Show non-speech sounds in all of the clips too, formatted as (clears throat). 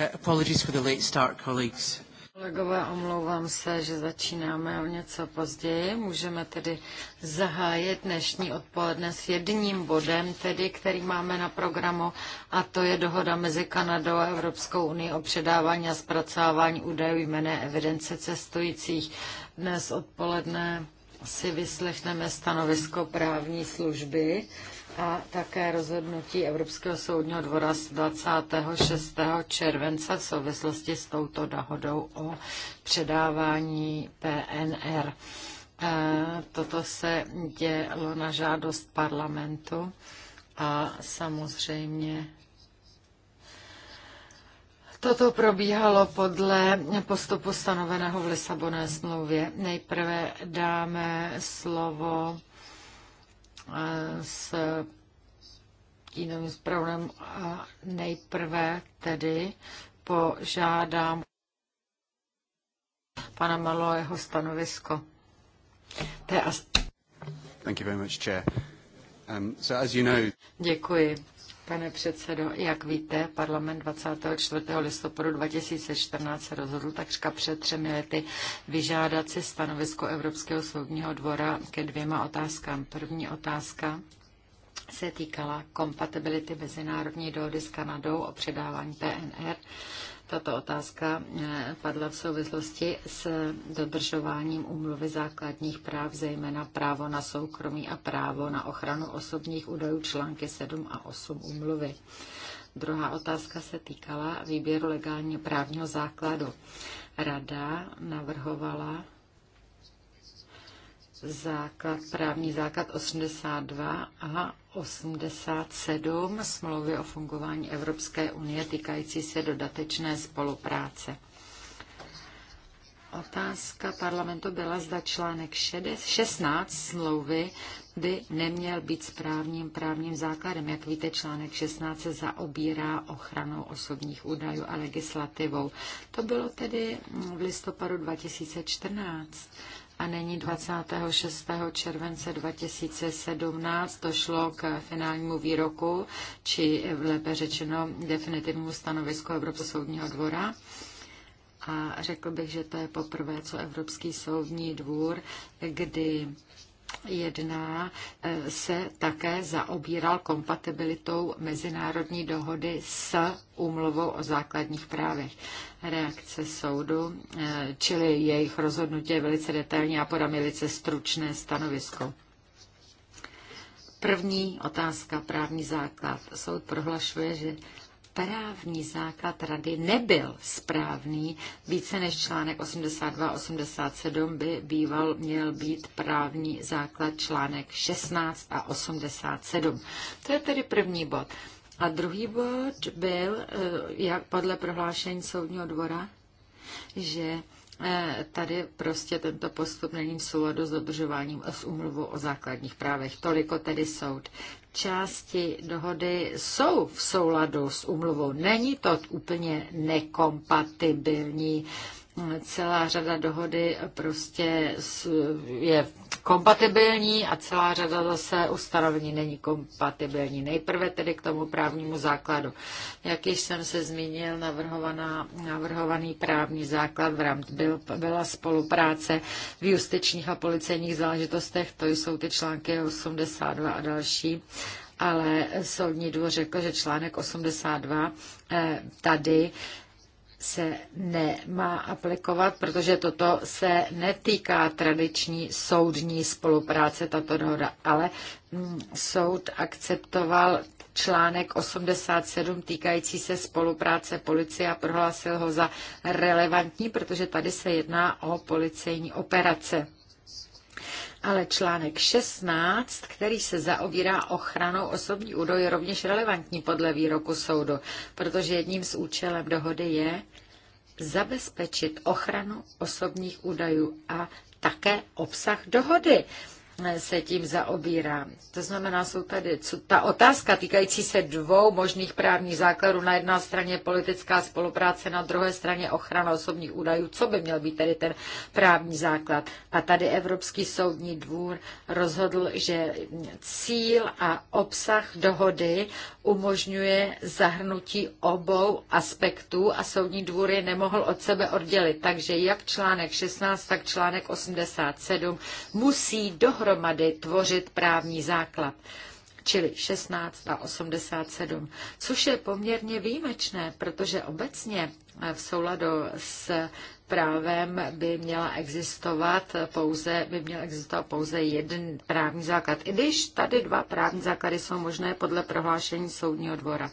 Eh, apologies for the late start, colleagues. Kolegové, omlouvám se, že začínáme o něco později. Můžeme tedy zahájit dnešní odpoledne s jedním bodem, tedy který máme na programu, a to je dohoda mezi Kanadou a Evropskou unii o předávání a zpracování údajů jmené evidence cestujících. Dnes odpoledne si vyslechneme stanovisko právní služby a také rozhodnutí Evropského soudního dvora z 26. července v souvislosti s touto dohodou o předávání PNR. E, toto se dělo na žádost parlamentu a samozřejmě Toto probíhalo podle postupu stanoveného v Lisabonné smlouvě. Nejprve dáme slovo eh, s tínovým zpravodajem a nejprve tedy požádám pana Malo jeho stanovisko. Thank you very much, Chair. Um, so as you know... Děkuji. Pane předsedo, jak víte, parlament 24. listopadu 2014 se rozhodl takřka před třemi lety vyžádat si stanovisko Evropského soudního dvora ke dvěma otázkám. První otázka se týkala kompatibility mezinárodní dohody s Kanadou o předávání PNR tato otázka eh, padla v souvislosti s dodržováním úmluvy základních práv, zejména právo na soukromí a právo na ochranu osobních údajů články 7 a 8 úmluvy. Druhá otázka se týkala výběru legálně právního základu. Rada navrhovala základ, právní základ 82 a 87 smlouvy o fungování Evropské unie týkající se dodatečné spolupráce. Otázka parlamentu byla, zda článek 16 smlouvy by neměl být správním právním základem. Jak víte, článek 16 se zaobírá ochranou osobních údajů a legislativou. To bylo tedy v listopadu 2014 a není 26. července 2017 došlo k finálnímu výroku, či lépe řečeno definitivnímu stanovisku Evropského soudního dvora. A řekl bych, že to je poprvé, co Evropský soudní dvůr, kdy jedná, eh, se také zaobíral kompatibilitou mezinárodní dohody s úmluvou o základních právech. Reakce soudu, eh, čili jejich rozhodnutí je velice detailní a podám velice stručné stanovisko. První otázka, právní základ. Soud prohlašuje, že právní základ rady nebyl správný, více než článek 82-87 by býval měl být právní základ článek 16 a 87. To je tedy první bod. A druhý bod byl, eh, jak podle prohlášení soudního dvora, že Eh, tady prostě tento postup není v souladu s dodržováním s umluvou o základních právech. Toliko tedy soud. Části dohody jsou v souladu s umluvou, Není to úplně nekompatibilní celá řada dohody prostě je kompatibilní a celá řada zase ustanovení není kompatibilní. Nejprve tedy k tomu právnímu základu. Jak již jsem se zmínil, navrhovaná, navrhovaný právní základ v rámci byl, byla spolupráce v justičních a policejních záležitostech, to jsou ty články 82 a další ale soudní dvůr řekl, že článek 82 eh, tady se nemá aplikovat, protože toto se netýká tradiční soudní spolupráce, tato dohoda, ale mm, soud akceptoval článek 87 týkající se spolupráce policie a prohlásil ho za relevantní, protože tady se jedná o policejní operace. Ale článek 16, který se zaobírá ochranou osobní údajů, je rovněž relevantní podle výroku soudu, protože jedním z účelem dohody je zabezpečit ochranu osobních údajů a také obsah dohody se tím zaobírá. To znamená, jsou tady co, ta otázka týkající se dvou možných právních základů. Na jedné straně politická spolupráce, na druhé straně ochrana osobních údajů. Co by měl být tedy ten právní základ? A tady Evropský soudní dvůr rozhodl, že cíl a obsah dohody umožňuje zahrnutí obou aspektů a soudní dvůr je nemohl od sebe oddělit. Takže jak článek 16, tak článek 87 musí dohromady dohromady tvořit právní základ čili 16 a 87, což je poměrně výjimečné, protože obecně v souladu s právem by měla existovat pouze, by měl existovat pouze jeden právní základ, i když tady dva právní základy jsou možné podle prohlášení soudního dvora.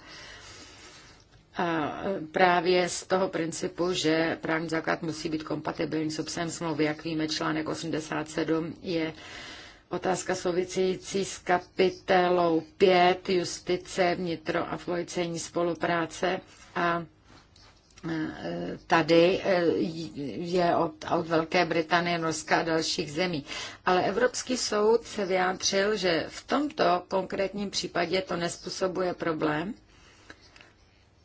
A e, právě z toho principu, že právní základ musí být kompatibilní s obsahem smlouvy, jak víme, článek 87 je Otázka související s kapitelou 5 justice, vnitro a policejní spolupráce a e, tady e, je od, od Velké Británie, Norska a dalších zemí. Ale Evropský soud se vyjádřil, že v tomto konkrétním případě to nespůsobuje problém,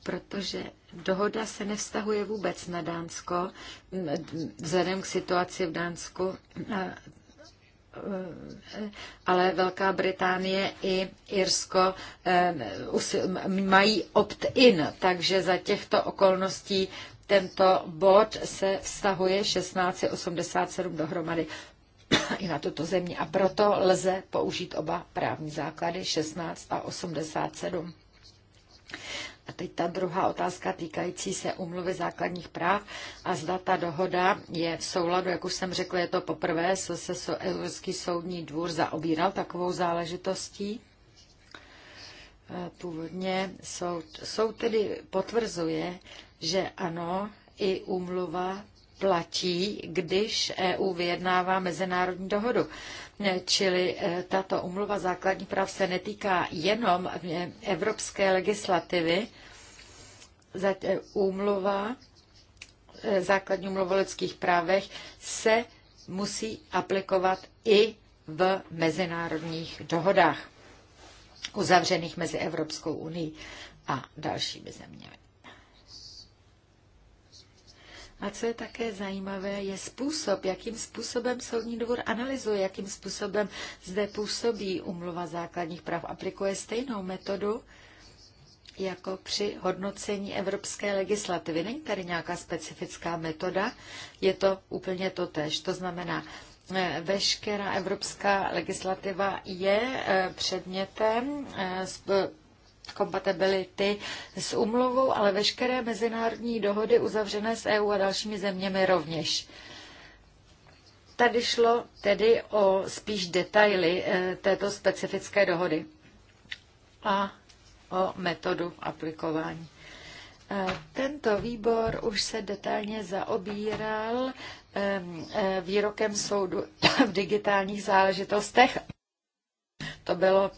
protože dohoda se nevztahuje vůbec na Dánsko, vzhledem k situaci v Dánsku. Eh, ale Velká Británie i Irsko eh, mají opt-in, takže za těchto okolností tento bod se vztahuje 1687 dohromady i na tuto zemi a proto lze použít oba právní základy 16 a 87. A teď ta druhá otázka týkající se umluvy základních práv a zda ta dohoda je v souladu, jak už jsem řekla, je to poprvé, co se Evropský soudní dvůr zaobíral takovou záležitostí. E, původně soud, soud tedy potvrzuje, že ano, i úmluva platí, když EU vyjednává mezinárodní dohodu. E, čili e, tato umluva základních práv se netýká jenom evropské legislativy, E, úmluva, e, základní úmluva o lidských právech se musí aplikovat i v mezinárodních dohodách uzavřených mezi Evropskou unii a dalšími zeměmi. A co je také zajímavé, je způsob, jakým způsobem Soudní dvůr analyzuje, jakým způsobem zde působí umluva základních práv. Aplikuje stejnou metodu, jako při hodnocení evropské legislativy. Není tady nějaká specifická metoda, je to úplně to tež. To znamená, eh, veškerá evropská legislativa je eh, předmětem eh, kompatibility s umluvou, ale veškeré mezinárodní dohody uzavřené s EU a dalšími zeměmi rovněž. Tady šlo tedy o spíš detaily této specifické dohody. A o metodu aplikování. E, tento výbor už se detailně zaobíral e, výrokem soudu v digitálních záležitostech. To bylo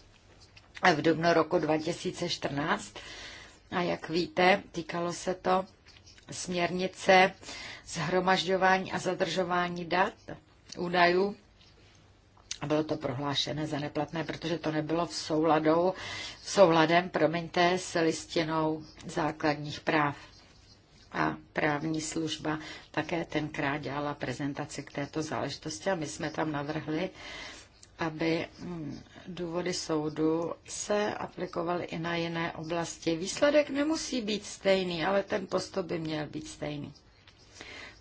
v dubnu roku 2014. A jak víte, týkalo se to směrnice zhromažďování a zadržování dat, údajů bylo to prohlášené za neplatné, protože to nebylo v souladu, v souladem, promiňte, s listinou základních práv. A právní služba také tenkrát dělala prezentaci k této záležitosti a my jsme tam navrhli, aby hm, důvody soudu se aplikovaly i na jiné oblasti. Výsledek nemusí být stejný, ale ten postup by měl být stejný.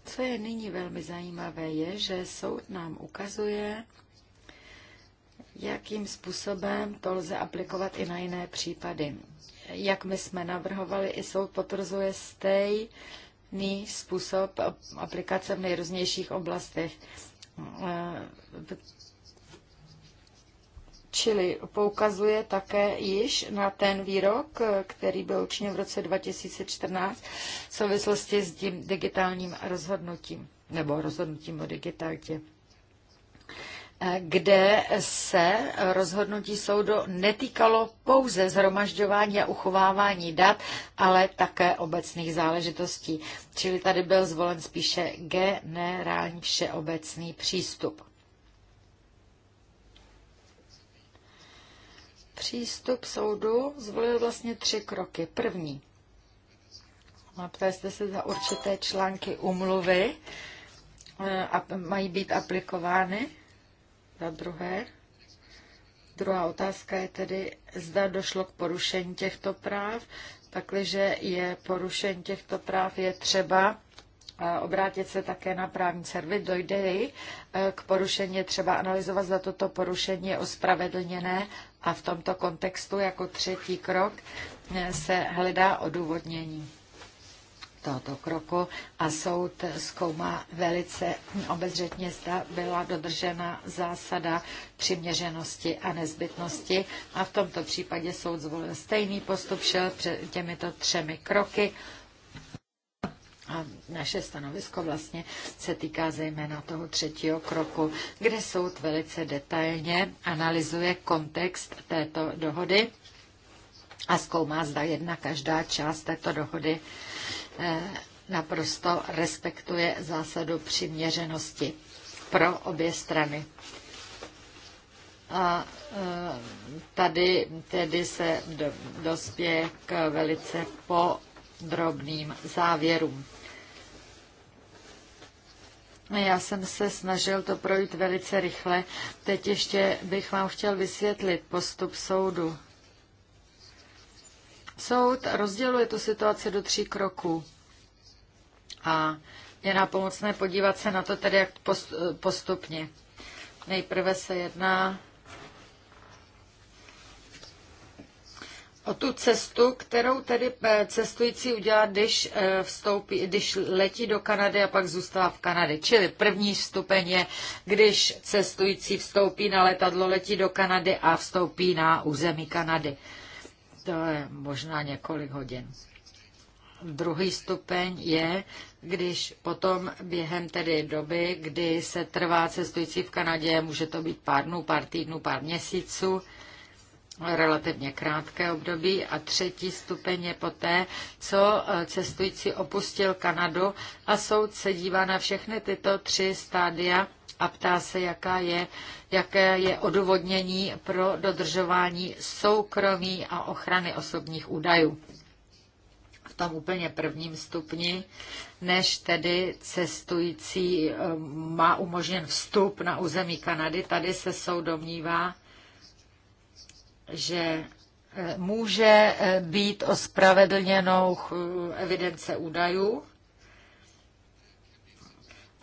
Co je nyní velmi zajímavé, je, že soud nám ukazuje, jakým způsobem to lze aplikovat i na jiné případy. Jak my jsme navrhovali, i soud potvrzuje stejný způsob aplikace v nejrůznějších oblastech. Čili poukazuje také již na ten výrok, který byl učiněn v roce 2014 v souvislosti s tím digitálním rozhodnutím, nebo rozhodnutím o digitalitě. Eh, kde se rozhodnutí soudu netýkalo pouze zhromažďování a uchovávání dat, ale také obecných záležitostí. Čili tady byl zvolen spíše generální všeobecný přístup. Přístup soudu zvolil vlastně tři kroky. První. Ptali jste se za určité články umluvy eh, a mají být aplikovány za druhé, druhá otázka je tedy, zda došlo k porušení těchto práv. Pakliže je porušení těchto práv, je třeba eh, obrátit se také na právní servis, dojde eh, k porušení, třeba analyzovat, zda toto porušení je ospravedlněné a v tomto kontextu jako třetí krok eh, se hledá odůvodnění tohoto kroku a soud zkoumá velice obezřetně, zda byla dodržena zásada přiměřenosti a nezbytnosti a v tomto případě soud zvolil stejný postup, šel před těmito třemi kroky a naše stanovisko vlastně se týká zejména toho třetího kroku, kde soud velice detailně analyzuje kontext této dohody a zkoumá, zda jedna každá část této dohody Eh, naprosto respektuje zásadu přiměřenosti pro obě strany. A eh, tady tedy se dospěje k velice podrobným závěrům. Já jsem se snažil to projít velice rychle. Teď ještě bych vám chtěl vysvětlit postup soudu. Soud rozděluje tu situaci do tří kroků a je pomocné podívat se na to tedy jak postupně. Nejprve se jedná o tu cestu, kterou tedy eh, cestující udělá, když eh, vstoupí, když letí do Kanady a pak zůstává v Kanadě. Čili první stupeň je, když cestující vstoupí na letadlo, letí do Kanady a vstoupí na území Kanady to je možná několik hodin. Druhý stupeň je, když potom během tedy doby, kdy se trvá cestující v Kanadě, může to být pár dnů, pár týdnů, pár měsíců, relativně krátké období a třetí stupeň je poté, co eh, cestující opustil Kanadu a soud se dívá na všechny tyto tři stádia a ptá se, jaká je, jaké je odůvodnění pro dodržování soukromí a ochrany osobních údajů. V tom úplně prvním stupni, než tedy cestující eh, má umožněn vstup na území Kanady, tady se soud domnívá, že eh, může eh, být ospravedlněnou evidence údajů,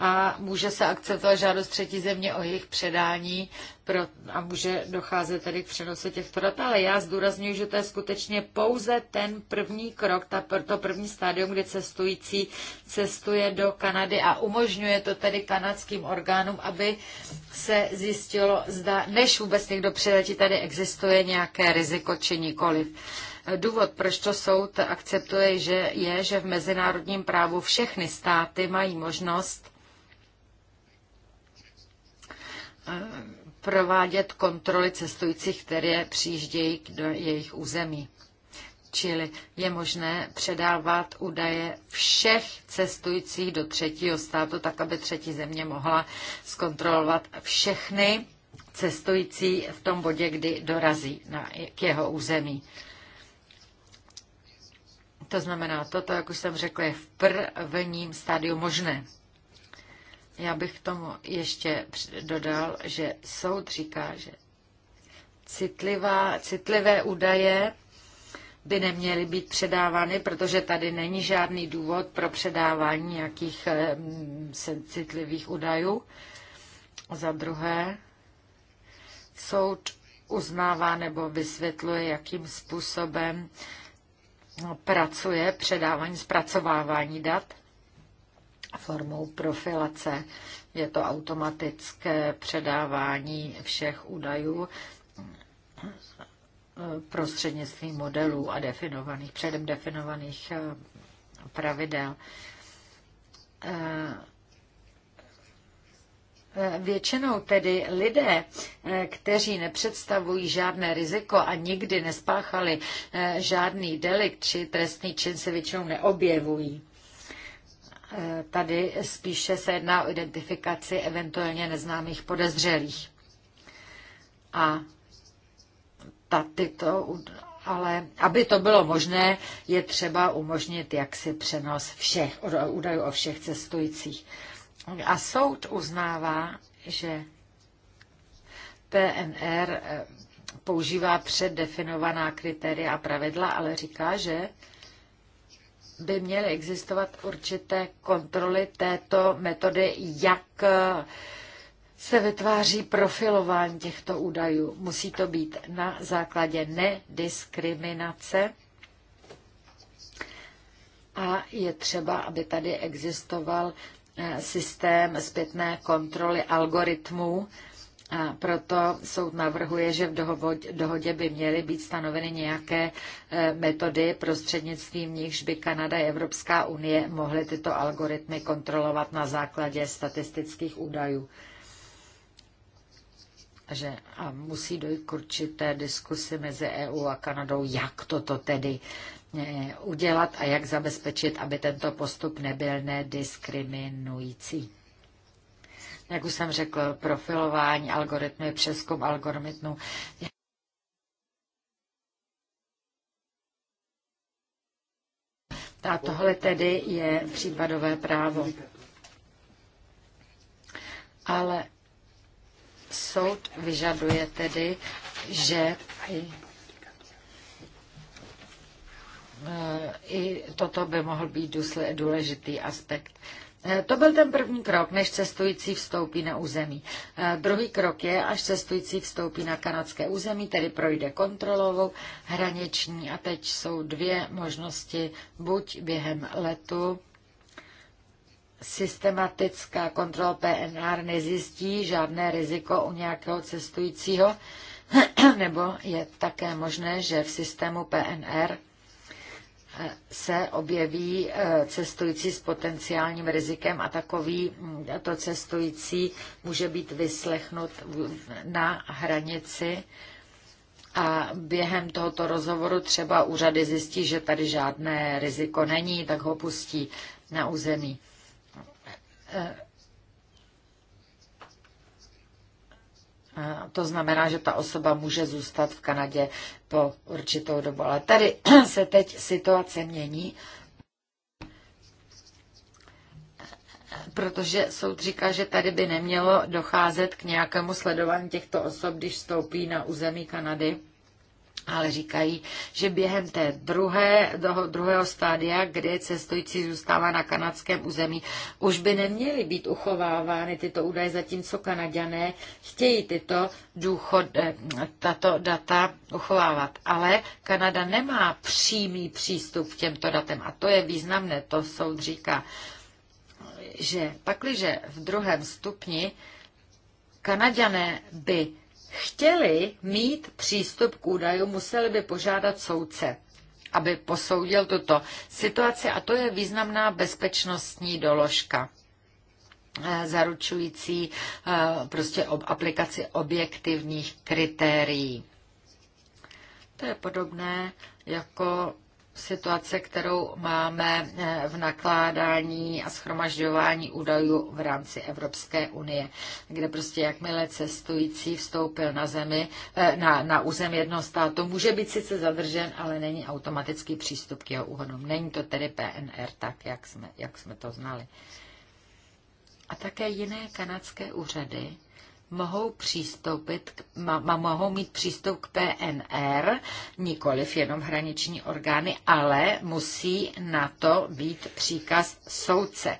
a může se akceptovat žádost třetí země o jejich předání pro, a může docházet tedy k přenosu těchto dat, ale já zdůraznuju, že to je skutečně pouze ten první krok, ta, to první stádium, kdy cestující cestuje do Kanady a umožňuje to tedy kanadským orgánům, aby se zjistilo, zda, než vůbec někdo přiletí, tady existuje nějaké riziko či nikoliv. Důvod, proč to soud akceptuje, že je, že v mezinárodním právu všechny státy mají možnost provádět kontroly cestujících, které přijíždějí do jejich území. Čili je možné předávat údaje všech cestujících do třetího státu, tak aby třetí země mohla zkontrolovat všechny cestující v tom bodě, kdy dorazí na, k jeho území. To znamená, toto, jak už jsem řekla, je v prvním stádiu možné. Já bych k tomu ještě dodal, že soud říká, že citlivá, citlivé údaje by neměly být předávány, protože tady není žádný důvod pro předávání nějakých citlivých údajů. Za druhé, soud uznává nebo vysvětluje, jakým způsobem no, pracuje předávání, zpracovávání dat formou profilace. Je to automatické předávání všech údajů eh, prostřednictvím modelů a definovaných, předem definovaných eh, pravidel. Eh, většinou tedy lidé, kteří nepředstavují žádné riziko a nikdy nespáchali žádný delikt či trestný čin, se většinou neobjevují. Tady spíše se jedná o identifikaci eventuálně neznámých podezřelých. A ta, ale aby to bylo možné, je třeba umožnit jaksi přenos všech údajů o všech cestujících. A soud uznává, že PNR eh, používá předdefinovaná kritéria a pravidla, ale říká, že by měly existovat určité kontroly této metody, jak eh, se vytváří profilování těchto údajů. Musí to být na základě nediskriminace a je třeba, aby tady existoval eh, systém zpětné kontroly algoritmů, a proto soud navrhuje, že v dohodě by měly být stanoveny nějaké e, metody, prostřednictvím nichž by Kanada a Evropská unie mohly tyto algoritmy kontrolovat na základě statistických údajů. Že a musí dojít k určité diskusi mezi EU a Kanadou, jak toto tedy e, udělat a jak zabezpečit, aby tento postup nebyl nediskriminující jak už jsem řekl, profilování algoritmy, přeskum algoritmů. A tohle tedy je případové právo. Ale soud vyžaduje tedy, že i e, toto by mohl být důležitý aspekt. Eh, to byl ten první krok, než cestující vstoupí na území. Eh, druhý krok je, až cestující vstoupí na kanadské území, tedy projde kontrolovou, hraniční. A teď jsou dvě možnosti, buď během letu, systematická kontrola PNR nezjistí žádné riziko u nějakého cestujícího, (clears throat) nebo je také možné, že v systému PNR se objeví eh, cestující s potenciálním rizikem a takový mm, to cestující může být vyslechnut na hranici a během tohoto rozhovoru třeba úřady zjistí, že tady žádné riziko není, tak ho pustí na území eh, To znamená, že ta osoba může zůstat v Kanadě po určitou dobu. Ale tady (clears throat) se teď situace mění, protože soud říká, že tady by nemělo docházet k nějakému sledování těchto osob, když vstoupí na území Kanady ale říkají, že během té druhé, doho druhého stádia, kdy cestující zůstává na kanadském území, už by neměly být uchovávány tyto údaje, zatímco kanaděné chtějí tyto důchod, eh, tato data uchovávat. Ale Kanada nemá přímý přístup k těmto datem a to je významné, to soud říká, že pakliže v druhém stupni kanaděné by chtěli mít přístup k údajům, museli by požádat soudce, aby posoudil tuto situaci a to je významná bezpečnostní doložka eh, zaručující eh, prostě ob aplikaci objektivních kritérií. To je podobné jako situace, kterou máme eh, v nakládání a schromažďování údajů v rámci Evropské unie, kde prostě jakmile cestující vstoupil na zemi, eh, na, na území jednoho státu, může být sice zadržen, ale není automatický přístup k jeho úhodům. Není to tedy PNR tak, jak jsme, jak jsme to znali. A také jiné kanadské úřady mohou, přístoupit, ma, ma, mohou mít přístup k PNR, nikoliv jenom hraniční orgány, ale musí na to být příkaz soudce.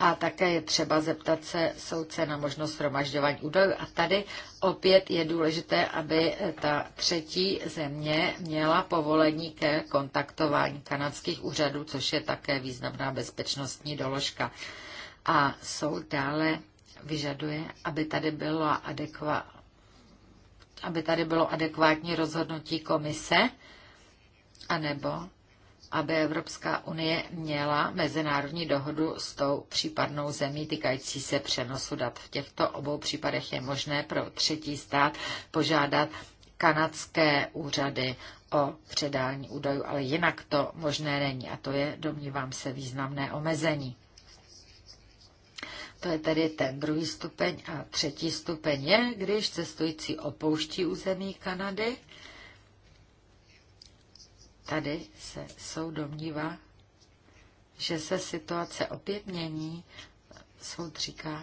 A také je třeba zeptat se soudce na možnost shromažďování údajů. A tady opět je důležité, aby ta třetí země měla povolení ke kontaktování kanadských úřadů, což je také významná bezpečnostní doložka. A jsou dále vyžaduje, aby tady bylo adekva, aby tady bylo adekvátní rozhodnutí komise, anebo aby Evropská unie měla mezinárodní dohodu s tou případnou zemí týkající se přenosu dat. V těchto obou případech je možné pro třetí stát požádat kanadské úřady o předání údajů, ale jinak to možné není a to je, domnívám se, významné omezení. To je tedy ten druhý stupeň a třetí stupeň je, když cestující opouští území Kanady. Tady se soud domnívá, že se situace opět mění. Soud říká,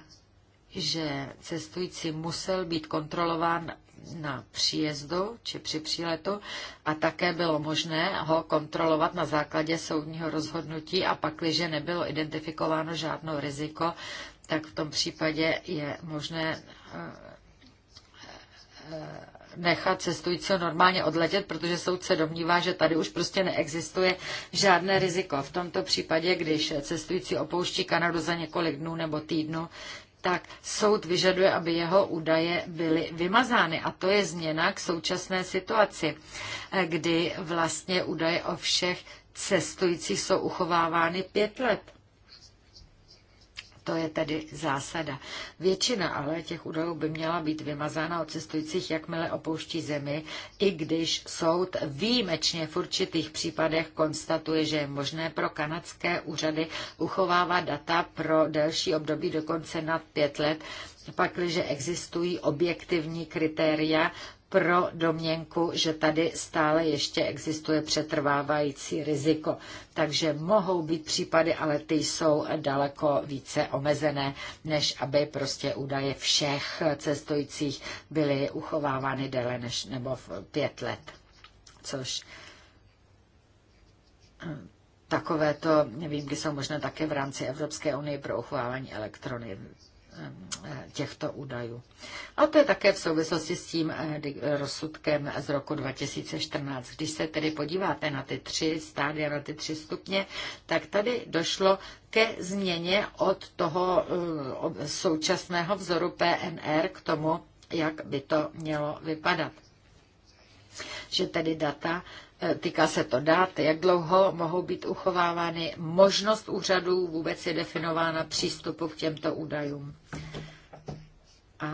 že cestující musel být kontrolován na příjezdu či při příletu a také bylo možné ho kontrolovat na základě soudního rozhodnutí a pakliže nebylo identifikováno žádné riziko, tak v tom případě je možné eh, eh, nechat cestujícího normálně odletět, protože soud se domnívá, že tady už prostě neexistuje žádné riziko. V tomto případě, když cestující opouští Kanadu za několik dnů nebo týdnu, tak soud vyžaduje, aby jeho údaje byly vymazány. A to je změna k současné situaci, eh, kdy vlastně údaje o všech cestujících jsou uchovávány pět let. To je tedy zásada. Většina ale těch údajů by měla být vymazána od cestujících, jakmile opouští zemi, i když soud výjimečně v určitých případech konstatuje, že je možné pro kanadské úřady uchovávat data pro delší období, dokonce nad pět let, pakliže existují objektivní kritéria pro domněnku, že tady stále ještě existuje přetrvávající riziko. Takže mohou být případy, ale ty jsou daleko více omezené, než aby prostě údaje všech cestujících byly uchovávány déle než nebo v pět let. Což eh, takovéto kdy jsou možné také v rámci Evropské unie pro uchovávání elektrony, těchto údajů. A to je také v souvislosti s tím eh, rozsudkem z roku 2014. Když se tedy podíváte na ty tři stádia, na ty tři stupně, tak tady došlo ke změně od toho eh, současného vzoru PNR k tomu, jak by to mělo vypadat. Že tedy data Eh, týká se to dát, jak dlouho mohou být uchovávány, možnost úřadů vůbec je definována přístupu k těmto údajům. A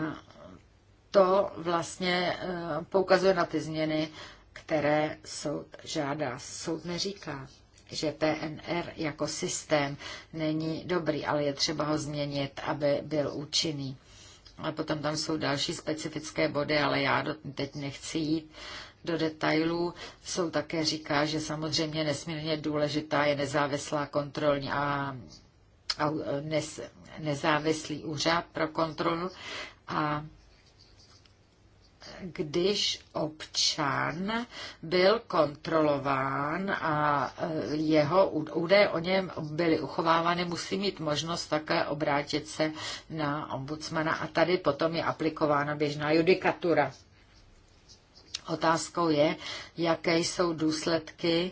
to vlastně eh, poukazuje na ty změny, které soud žádá. Soud neříká, že PNR jako systém není dobrý, ale je třeba ho změnit, aby byl účinný. A potom tam jsou další specifické body, ale já teď nechci jít do detailů. Jsou také říká, že samozřejmě nesmírně důležitá je nezávislá kontrolní a, a nes, nezávislý úřad pro kontrolu a když občan byl kontrolován a e, jeho údaje o něm byly uchovávány, musí mít možnost také obrátit se na ombudsmana a tady potom je aplikována běžná judikatura. Otázkou je, jaké jsou důsledky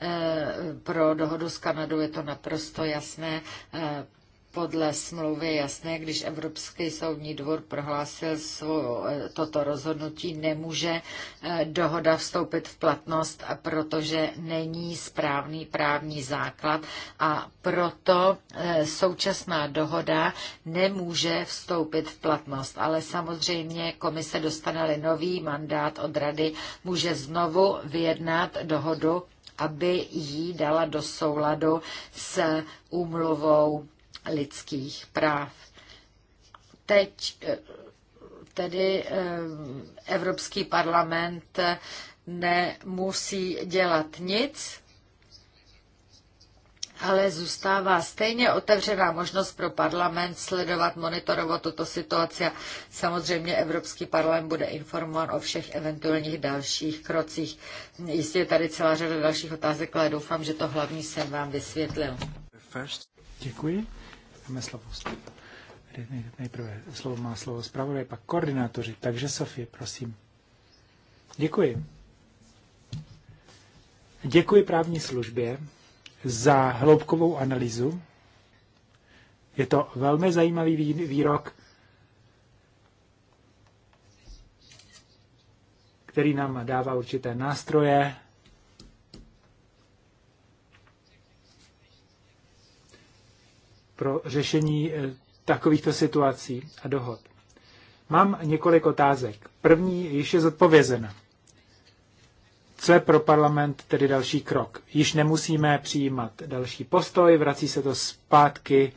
eh, pro dohodu s Kanadou je to naprosto jasné. Eh, podle smlouvy jasné, když Evropský soudní dvor prohlásil svou, eh, toto rozhodnutí, nemůže eh, dohoda vstoupit v platnost, protože není správný právní základ a proto eh, současná dohoda nemůže vstoupit v platnost. Ale samozřejmě komise dostane nový mandát od rady, může znovu vyjednat dohodu aby ji dala do souladu s úmluvou lidských práv. Teď eh, tedy eh, Evropský parlament nemusí dělat nic, ale zůstává stejně otevřená možnost pro parlament sledovat, monitorovat tuto situaci a samozřejmě Evropský parlament bude informován o všech eventuálních dalších krocích. Jistě je tady celá řada dalších otázek, ale doufám, že to hlavní jsem vám vysvětlil. Děkuji. Dáme slovo. Nejprve slovo má slovo zpravodaj, pak koordinátoři. Takže Sofie, prosím. Děkuji. Děkuji právní službě za hloubkovou analýzu. Je to velmi zajímavý výrok, který nám dává určité nástroje pro řešení eh, takovýchto situací a dohod. Mám několik otázek. První již je zodpovězena. Co je pro parlament tedy další krok? Již nemusíme přijímat další postoj, vrací se to zpátky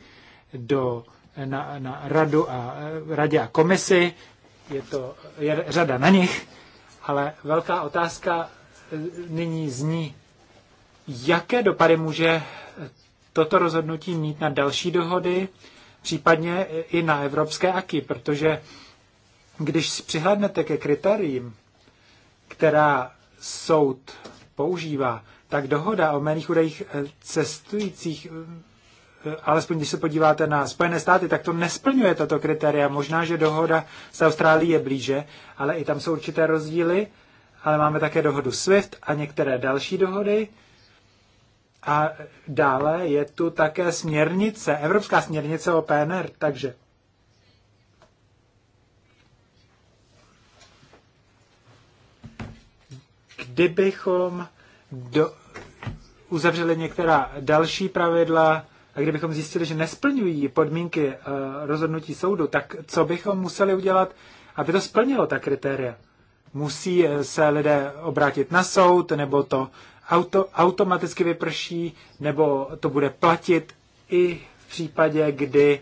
do, eh, na, na radu a, eh, radě a komisi, je to je řada na nich, ale velká otázka nyní zní, jaké dopady může toto rozhodnutí mít na další dohody, případně i na evropské aky, protože když si přihlednete ke kritériím, která soud používá, tak dohoda o méných údajích eh, cestujících, eh, alespoň když se podíváte na Spojené státy, tak to nesplňuje tato kritéria. Možná, že dohoda s Austrálií je blíže, ale i tam jsou určité rozdíly. Ale máme také dohodu SWIFT a některé další dohody, a dále je tu také směrnice, Evropská směrnice o PNR, takže kdybychom do, uzavřeli některá další pravidla a kdybychom zjistili, že nesplňují podmínky uh, rozhodnutí soudu, tak co bychom museli udělat, aby to splnilo ta kritéria? Musí eh, se lidé obrátit na soud, nebo to auto, automaticky vyprší, nebo to bude platit i v případě, kdy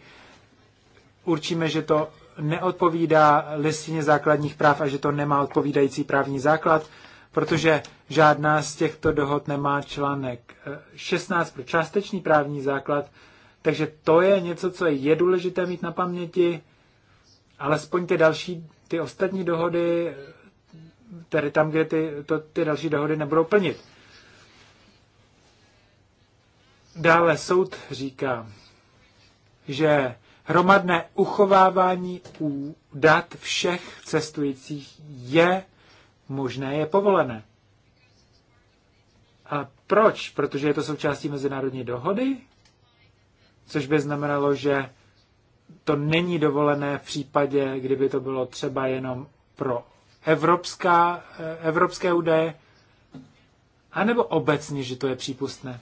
určíme, že to neodpovídá listině základních práv a že to nemá odpovídající právní základ, protože žádná z těchto dohod nemá článek 16 eh, pro částečný právní základ, takže to je něco, co je důležité mít na paměti, alespoň ty další, ty ostatní dohody, eh, tedy tam, kde ty, to, ty další dohody nebudou plnit. Dále soud říká, že hromadné uchovávání dat všech cestujících je možné, je povolené. A proč? Protože je to součástí mezinárodní dohody, což by znamenalo, že to není dovolené v případě, kdyby to bylo třeba jenom pro evropská, eh, evropské údaje, anebo obecně, že to je přípustné.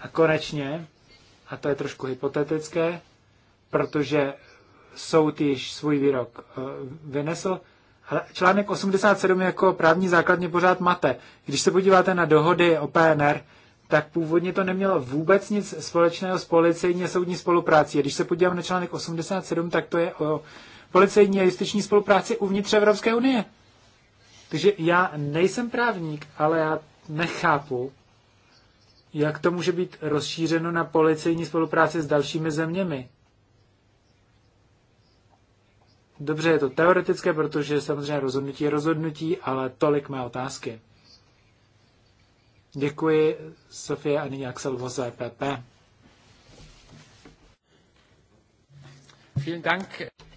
A konečně, a to je trošku hypotetické, protože soud již svůj výrok eh, vynesl, ale článek 87 jako právní základně pořád mate. Když se podíváte na dohody o PNR, tak původně to nemělo vůbec nic společného s policejní a soudní spoluprácí. A když se podívám na článek 87, tak to je o policejní a justiční spolupráci uvnitř Evropské unie. Takže já nejsem právník, ale já nechápu, jak to může být rozšířeno na policejní spolupráci s dalšími zeměmi? Dobře, je to teoretické, protože samozřejmě rozhodnutí je rozhodnutí, ale tolik mé otázky. Děkuji, Sofie a nyní Axel Voza, e PP.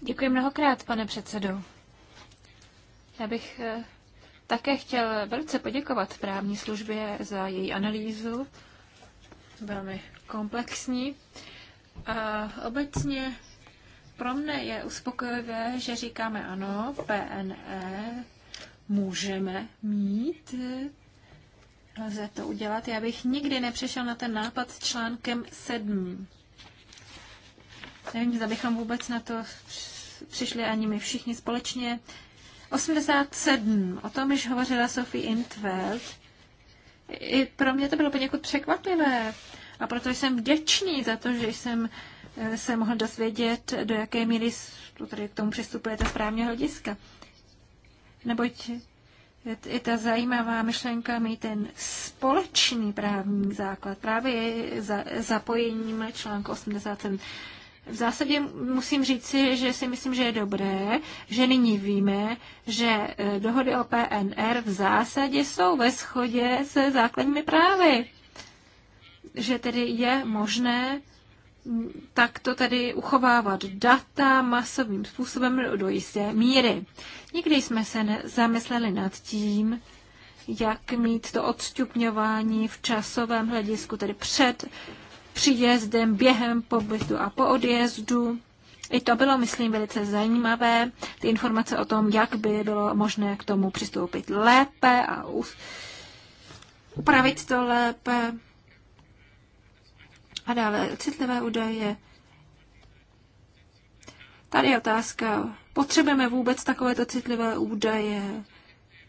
Děkuji mnohokrát, pane předsedo. Já bych eh, také chtěl velice poděkovat právní službě za její analýzu, velmi komplexní. A obecně pro mne je uspokojivé, že říkáme ano, PNE můžeme mít, lze to udělat. Já bych nikdy nepřešel na ten nápad s článkem 7. Nevím, zda bychom vůbec na to přišli ani my všichni společně. 87, o tom již hovořila Sophie Intveld. I pro mě to bylo poněkud překvapivé a proto jsem vděčný za to, že jsem eh, se mohl dozvědět, do jaké míry tady k tomu přistupujete správně hlediska. Neboť i ta zajímavá myšlenka mít ten společný právní základ právě je za, zapojením článku 87. V zásadě musím říci, že si myslím, že je dobré, že nyní víme, že e, dohody o PNR v zásadě jsou ve shodě se základními právy. Že tedy je možné takto tedy uchovávat data masovým způsobem do jisté míry. Nikdy jsme se zamysleli nad tím, jak mít to odstupňování v časovém hledisku, tedy před příjezdem, během pobytu a po odjezdu. I to bylo, myslím, velice zajímavé, ty informace o tom, jak by bylo možné k tomu přistoupit lépe a upravit to lépe. A dále citlivé údaje. Tady je otázka, potřebujeme vůbec takovéto citlivé údaje?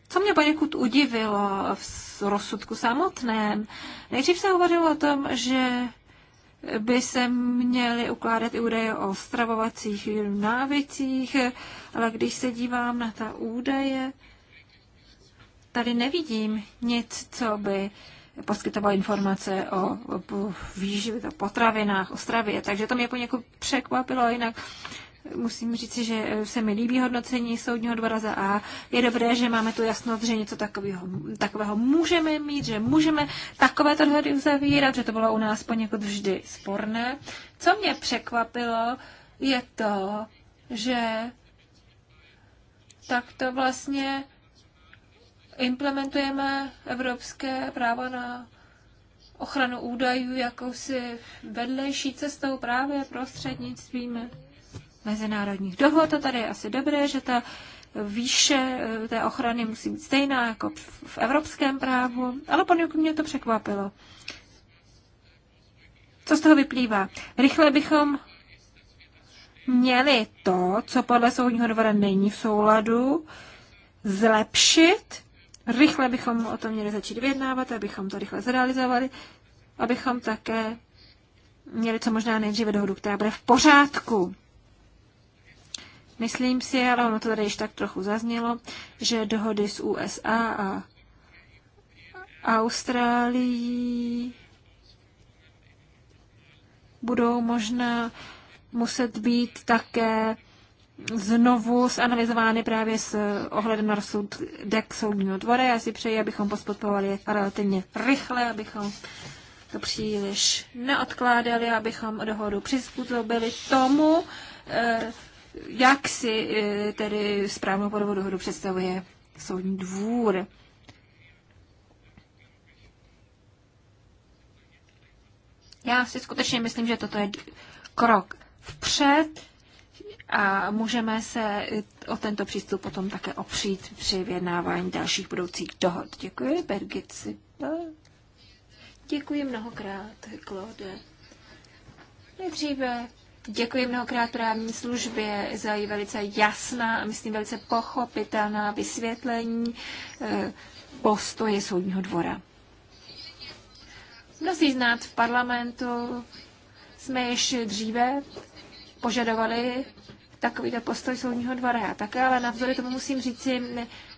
Co mě poněkud udivilo v rozsudku samotném, nejdřív se hovořilo o tom, že by se měly ukládat i údaje o stravovacích návycích, ale když se dívám na ta údaje, tady nevidím nic, co by poskytoval informace o výživě, o potravinách, o stravě, takže to mě poněkud překvapilo, jinak musím říci, že eh, se mi líbí hodnocení soudního dvora za A. Je dobré, že máme tu jasnost, že něco takového, takového můžeme mít, že můžeme takovéto dohody uzavírat, že to bylo u nás poněkud vždy sporné. Co mě překvapilo, je to, že tak to vlastně implementujeme evropské právo na ochranu údajů jakousi vedlejší cestou právě prostřednictvím mezinárodních dohod a tady je asi dobré, že ta výše eh, té ochrany musí být stejná jako v evropském právu, ale poněkud mě to překvapilo. Co z toho vyplývá? Rychle bychom měli to, co podle soudního dvora není v souladu, zlepšit. Rychle bychom o tom měli začít vyjednávat, abychom to rychle zrealizovali, abychom také měli co možná nejdříve dohodu, která bude v pořádku. Myslím si, ale ono to tady již tak trochu zaznělo, že dohody s USA a Austrálií budou možná muset být také znovu zanalizovány právě s ohledem na rozsudek soudního dvora. Já si přeji, abychom pospodpovali relativně rychle, abychom to příliš neodkládali, abychom dohodu přizpůsobili tomu, eh, jak si e, tedy správnou podobu dohodu představuje soudní dvůr. Já si skutečně myslím, že toto je krok vpřed a můžeme se o tento přístup potom také opřít při vyjednávání dalších budoucích dohod. Děkuji, Birgit Děkuji mnohokrát, Claude. Nejdříve Děkuji mnohokrát právní službě za její velice jasná a myslím velice pochopitelná vysvětlení e, postoje soudního dvora. Mnozí z nás v parlamentu jsme již dříve požadovali takovýto postoj soudního dvora. Já také, ale navzory tomu musím říci,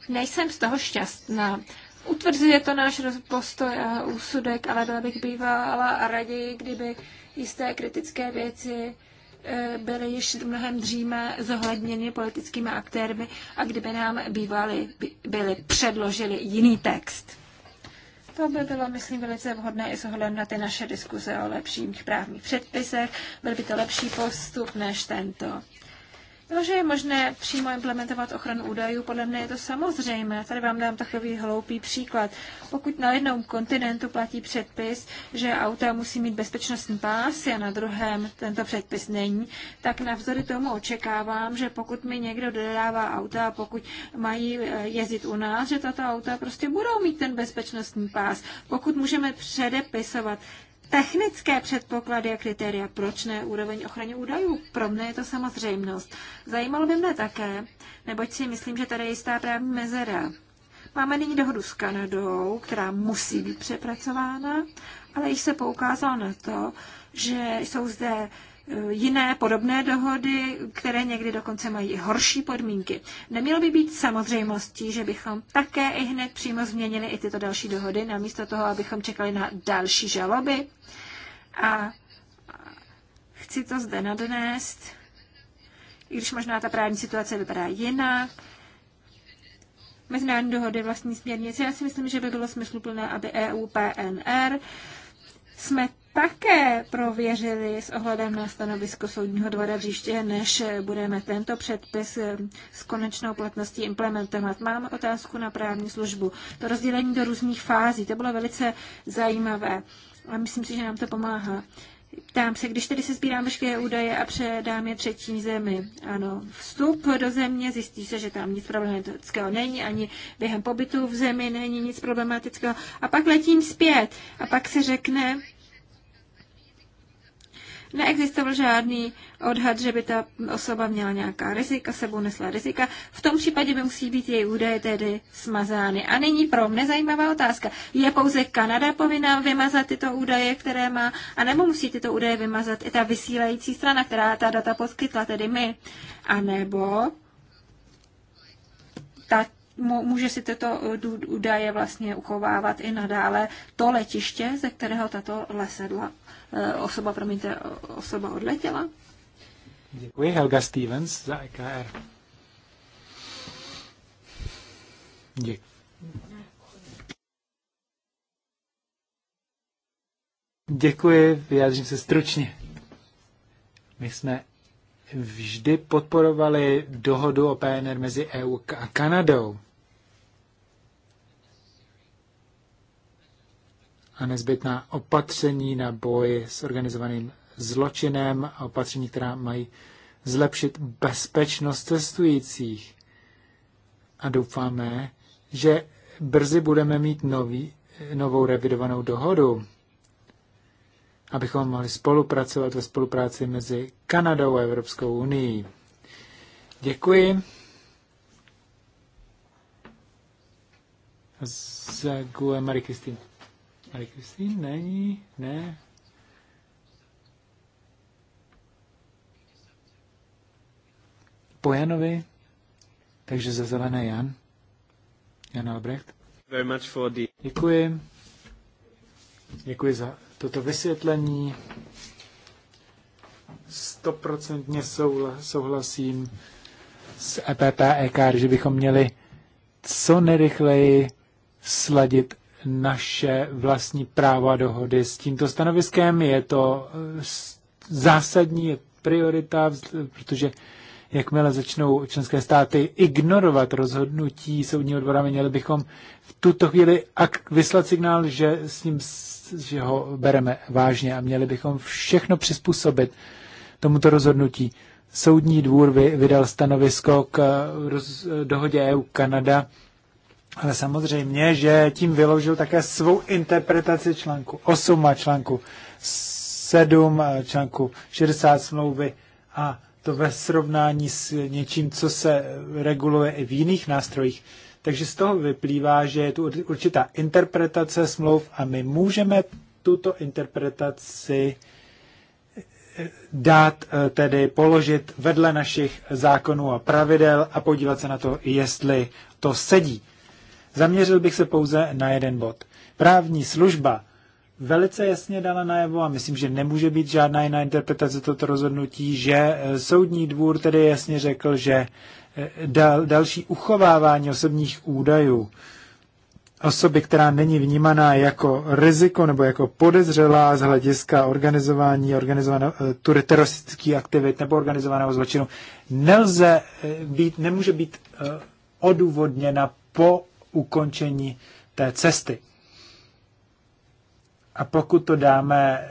nejsem z toho šťastná. Utvrzuje to náš postoj a úsudek, ale byla bych bývala a raději, kdyby jisté kritické věci Eh, byly již mnohem dříve zohledněny politickými aktérmi a kdyby nám bývali, byli předložili jiný text. To by bylo, myslím, velice vhodné i s ohledem na ty naše diskuze o lepších právních předpisech. Byl by to lepší postup než tento. To, že je možné přímo implementovat ochranu údajů, podle mě je to samozřejmé. Tady vám dám takový hloupý příklad. Pokud na jednom kontinentu platí předpis, že auta musí mít bezpečnostní pás a na druhém tento předpis není, tak navzory tomu očekávám, že pokud mi někdo dodává auta a pokud mají eh, jezdit u nás, že tato auta prostě budou mít ten bezpečnostní pás. Pokud můžeme předepisovat technické předpoklady a kritéria, proč ne úroveň ochrany údajů. Pro mě je to samozřejmost. Zajímalo by mne také, neboť si myslím, že tady je jistá právní mezera. Máme nyní dohodu s Kanadou, která musí být přepracována, ale již se poukázalo na to, že jsou zde jiné podobné dohody, které někdy dokonce mají horší podmínky. Nemělo by být samozřejmostí, že bychom také i hned přímo změnili i tyto další dohody, namísto toho, abychom čekali na další žaloby. A chci to zde nadnést, i když možná ta právní situace vypadá jinak, mezinárodní dohody, vlastní směrnice. Já si myslím, že by bylo smysluplné, aby EU, PNR jsme také prověřili s ohledem na stanovisko soudního dvora příště, než budeme tento předpis eh, s konečnou platností implementovat. Mám otázku na právní službu. To rozdělení do různých fází, to bylo velice zajímavé a myslím si, že nám to pomáhá. Ptám se, když tedy se sbírám veškeré údaje a předám je třetí zemi. Ano, vstup do země, zjistí se, že tam nic problematického není, ani během pobytu v zemi není nic problematického. A pak letím zpět a pak se řekne, neexistoval žádný odhad, že by ta osoba měla nějaká rizika, sebou nesla rizika. V tom případě by musí být její údaje tedy smazány. A nyní pro mě zajímavá otázka. Je pouze Kanada povinná vymazat tyto údaje, které má, nebo musí tyto údaje vymazat i ta vysílající strana, která ta data poskytla, tedy my? A nebo ta může si tyto eh, údaje vlastně uchovávat i nadále to letiště, ze kterého tato lesedla Eh, osoba, promiňte, osoba odletěla. Děkuji, Helga Stevens za EKR. Děkuji. Děkuji, vyjádřím se stručně. My jsme vždy podporovali dohodu o PNR mezi EU a Kanadou. a nezbytná opatření na boj s organizovaným zločinem a opatření, která mají zlepšit bezpečnost cestujících. A doufáme, že brzy budeme mít nový, novou revidovanou dohodu, abychom mohli spolupracovat ve spolupráci mezi Kanadou a Evropskou unii. Děkuji. Za Marie Christine. Marie Kristýn není, ne. Po Janovi, takže za zelené Jan. Jan Albrecht. Very much for the... Děkuji. Děkuji za toto vysvětlení. Stoprocentně souhlasím s EPP EKR, že bychom měli co nejrychleji sladit naše vlastní práva dohody s tímto stanoviskem. Je to eh, zásadní je priorita, protože jakmile začnou členské státy ignorovat rozhodnutí soudního dvora, měli bychom v tuto chvíli vyslat signál, že s ním že ho bereme vážně a měli bychom všechno přizpůsobit tomuto rozhodnutí. Soudní dvůr vydal stanovisko k eh, dohodě EU-Kanada ale samozřejmě, že tím vyložil také svou interpretaci článku 8 a článku 7, článku 60 smlouvy a to ve srovnání s něčím, co se reguluje i v jiných nástrojích. Takže z toho vyplývá, že je tu určitá interpretace smlouv a my můžeme tuto interpretaci eh, dát, eh, tedy položit vedle našich zákonů a pravidel a podívat se na to, jestli to sedí. Zaměřil bych se pouze na jeden bod. Právní služba velice jasně dala najevo, a myslím, že nemůže být žádná jiná interpretace toto rozhodnutí, že e, soudní dvůr tedy jasně řekl, že e, dal, další uchovávání osobních údajů osoby, která není vnímaná jako riziko nebo jako podezřelá z hlediska organizování e, teroristických aktivit nebo organizovaného zločinu, nelze být, nemůže být odůvodněna po ukončení té cesty. A pokud to dáme,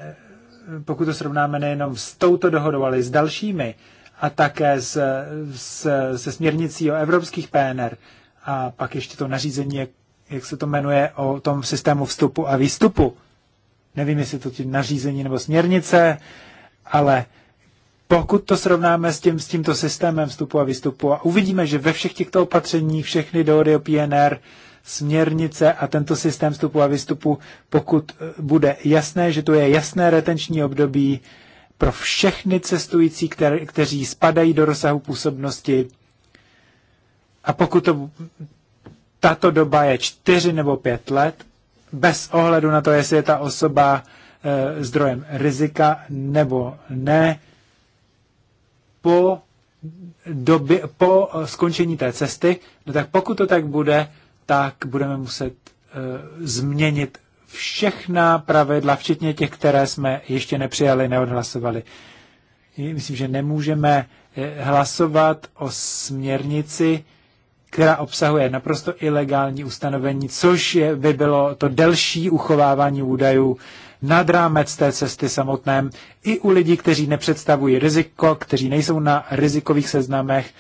pokud to srovnáme nejenom s touto dohodou, ale i s dalšími, a také s, s, se směrnicí o evropských PNR, a pak ještě to nařízení, jak, jak se to jmenuje, o tom systému vstupu a výstupu. Nevím, jestli to ti nařízení nebo směrnice, ale pokud to srovnáme s, tím, s tímto systémem vstupu a výstupu a uvidíme, že ve všech těchto opatřeních všechny dohody o PNR, směrnice a tento systém vstupu a výstupu, pokud eh, bude jasné, že to je jasné retenční období pro všechny cestující, kter, kteří spadají do rozsahu působnosti a pokud to, tato doba je čtyři nebo pět let, bez ohledu na to, jestli je ta osoba e, zdrojem rizika nebo ne, po, doby, po eh, skončení té cesty, no tak pokud to tak bude, tak budeme muset e, změnit všechna pravidla, včetně těch, které jsme ještě nepřijali, neodhlasovali. Myslím, že nemůžeme eh, hlasovat o směrnici, která obsahuje naprosto ilegální ustanovení, což je, by bylo to delší uchovávání údajů, nad rámec té cesty samotném, i u lidí, kteří nepředstavují riziko, kteří nejsou na rizikových seznamech,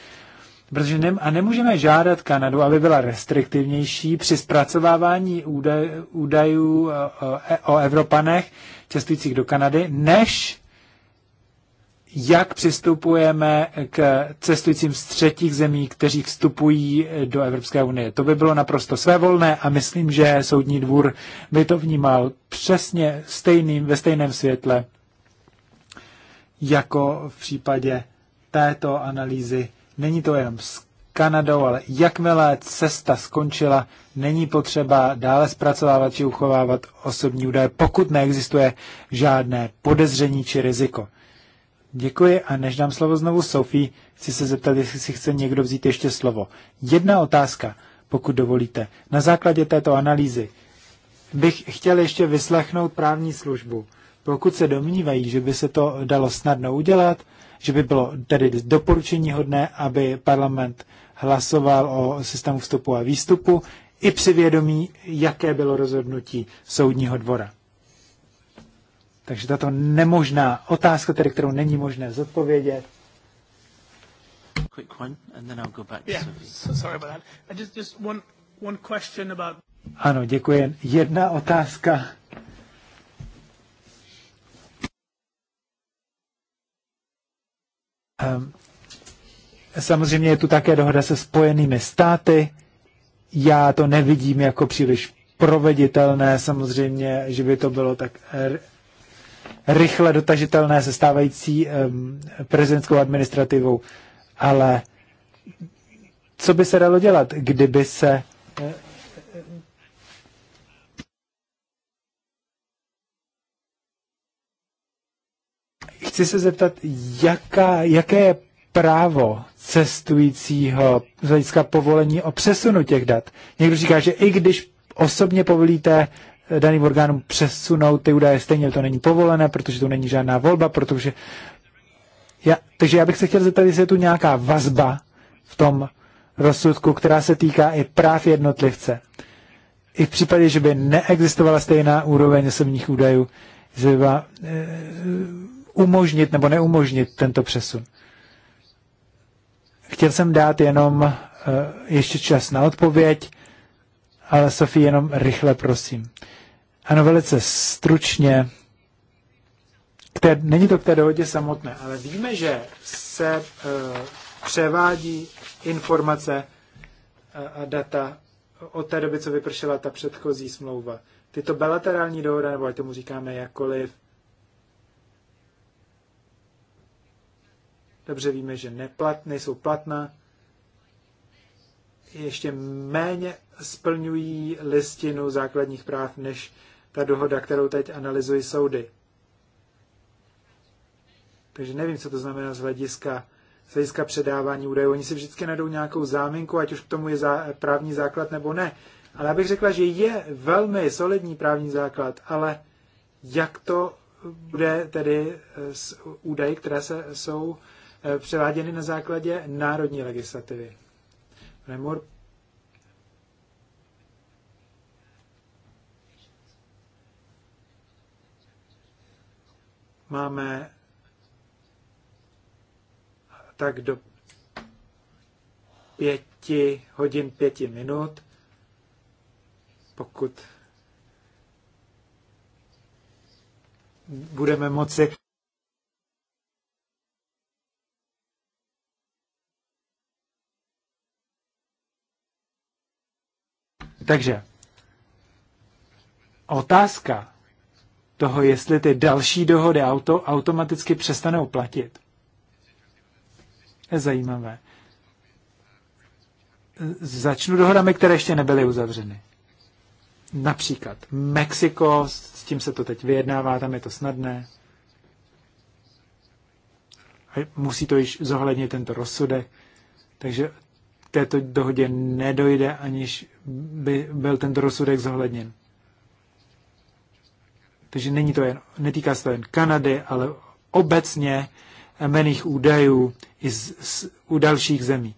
protože ne, a nemůžeme žádat Kanadu, aby byla restriktivnější při zpracovávání údaj, údajů o, eh, eh, o Evropanech cestujících do Kanady, než jak přistupujeme k cestujícím z třetích zemí, kteří vstupují do Evropské unie. To by bylo naprosto svévolné a myslím, že Soudní dvůr by to vnímal přesně stejným, ve stejném světle, jako v případě této analýzy. Není to jenom s Kanadou, ale jakmile cesta skončila, není potřeba dále zpracovávat či uchovávat osobní údaje, pokud neexistuje žádné podezření či riziko. Děkuji a než dám slovo znovu Sofii, chci se zeptat, jestli si chce někdo vzít ještě slovo. Jedna otázka, pokud dovolíte. Na základě této analýzy bych chtěl ještě vyslechnout právní službu. Pokud se domnívají, že by se to dalo snadno udělat, že by bylo tedy doporučení hodné, aby parlament hlasoval o systému vstupu a výstupu i při vědomí, jaké bylo rozhodnutí soudního dvora. Takže tato nemožná otázka, tedy kterou není možné zodpovědět. Ano, děkuji. Jedna otázka. Um, samozřejmě je tu také dohoda se spojenými státy. Já to nevidím jako příliš proveditelné, samozřejmě, že by to bylo tak rychle dotažitelné se stávající prezidentskou administrativou, ale co by se dalo dělat, kdyby se eh, Chci se zeptat, jaká, jaké je právo cestujícího z hlediska povolení o přesunu těch dat. Někdo říká, že i když osobně povolíte daným orgánům přesunout ty údaje, stejně to není povolené, protože to není žádná volba, protože já, takže já bych se chtěl zeptat, jestli je tu nějaká vazba v tom rozsudku, která se týká i práv jednotlivce. I v případě, že by neexistovala stejná úroveň osobních údajů, že by byla, e, umožnit nebo neumožnit tento přesun. Chtěl jsem dát jenom e, ještě čas na odpověď ale Sofie, jenom rychle, prosím. Ano, velice stručně. K té, není to k té dohodě samotné, ale víme, že se e, převádí informace eh, a data od té doby, co vypršela ta předchozí smlouva. Tyto bilaterální dohody, nebo ať tomu říkáme jakkoliv, dobře víme, že neplatné jsou platná, ještě méně splňují listinu základních práv než ta dohoda, kterou teď analyzují soudy. Takže nevím, co to znamená z hlediska, z hlediska předávání údajů. Oni si vždycky najdou nějakou záminku, ať už k tomu je zá, právní základ nebo ne. Ale já bych řekla, že je velmi solidní právní základ, ale jak to bude tedy e, s údaji, které se, jsou e, převáděny na základě národní legislativy? Remor. Máme tak do pěti hodin pěti minut, pokud budeme moci Takže otázka toho, jestli ty další dohody auto automaticky přestanou platit, je zajímavé. Začnu dohodami, které ještě nebyly uzavřeny. Například Mexiko, s tím se to teď vyjednává, tam je to snadné. Musí to již zohlednit tento rozsudek. Takže této dohodě nedojde, aniž by byl tento rozsudek zohledněn. Takže není to jen, netýká se to jen Kanady, ale obecně jmených údajů i z, z, u dalších zemí.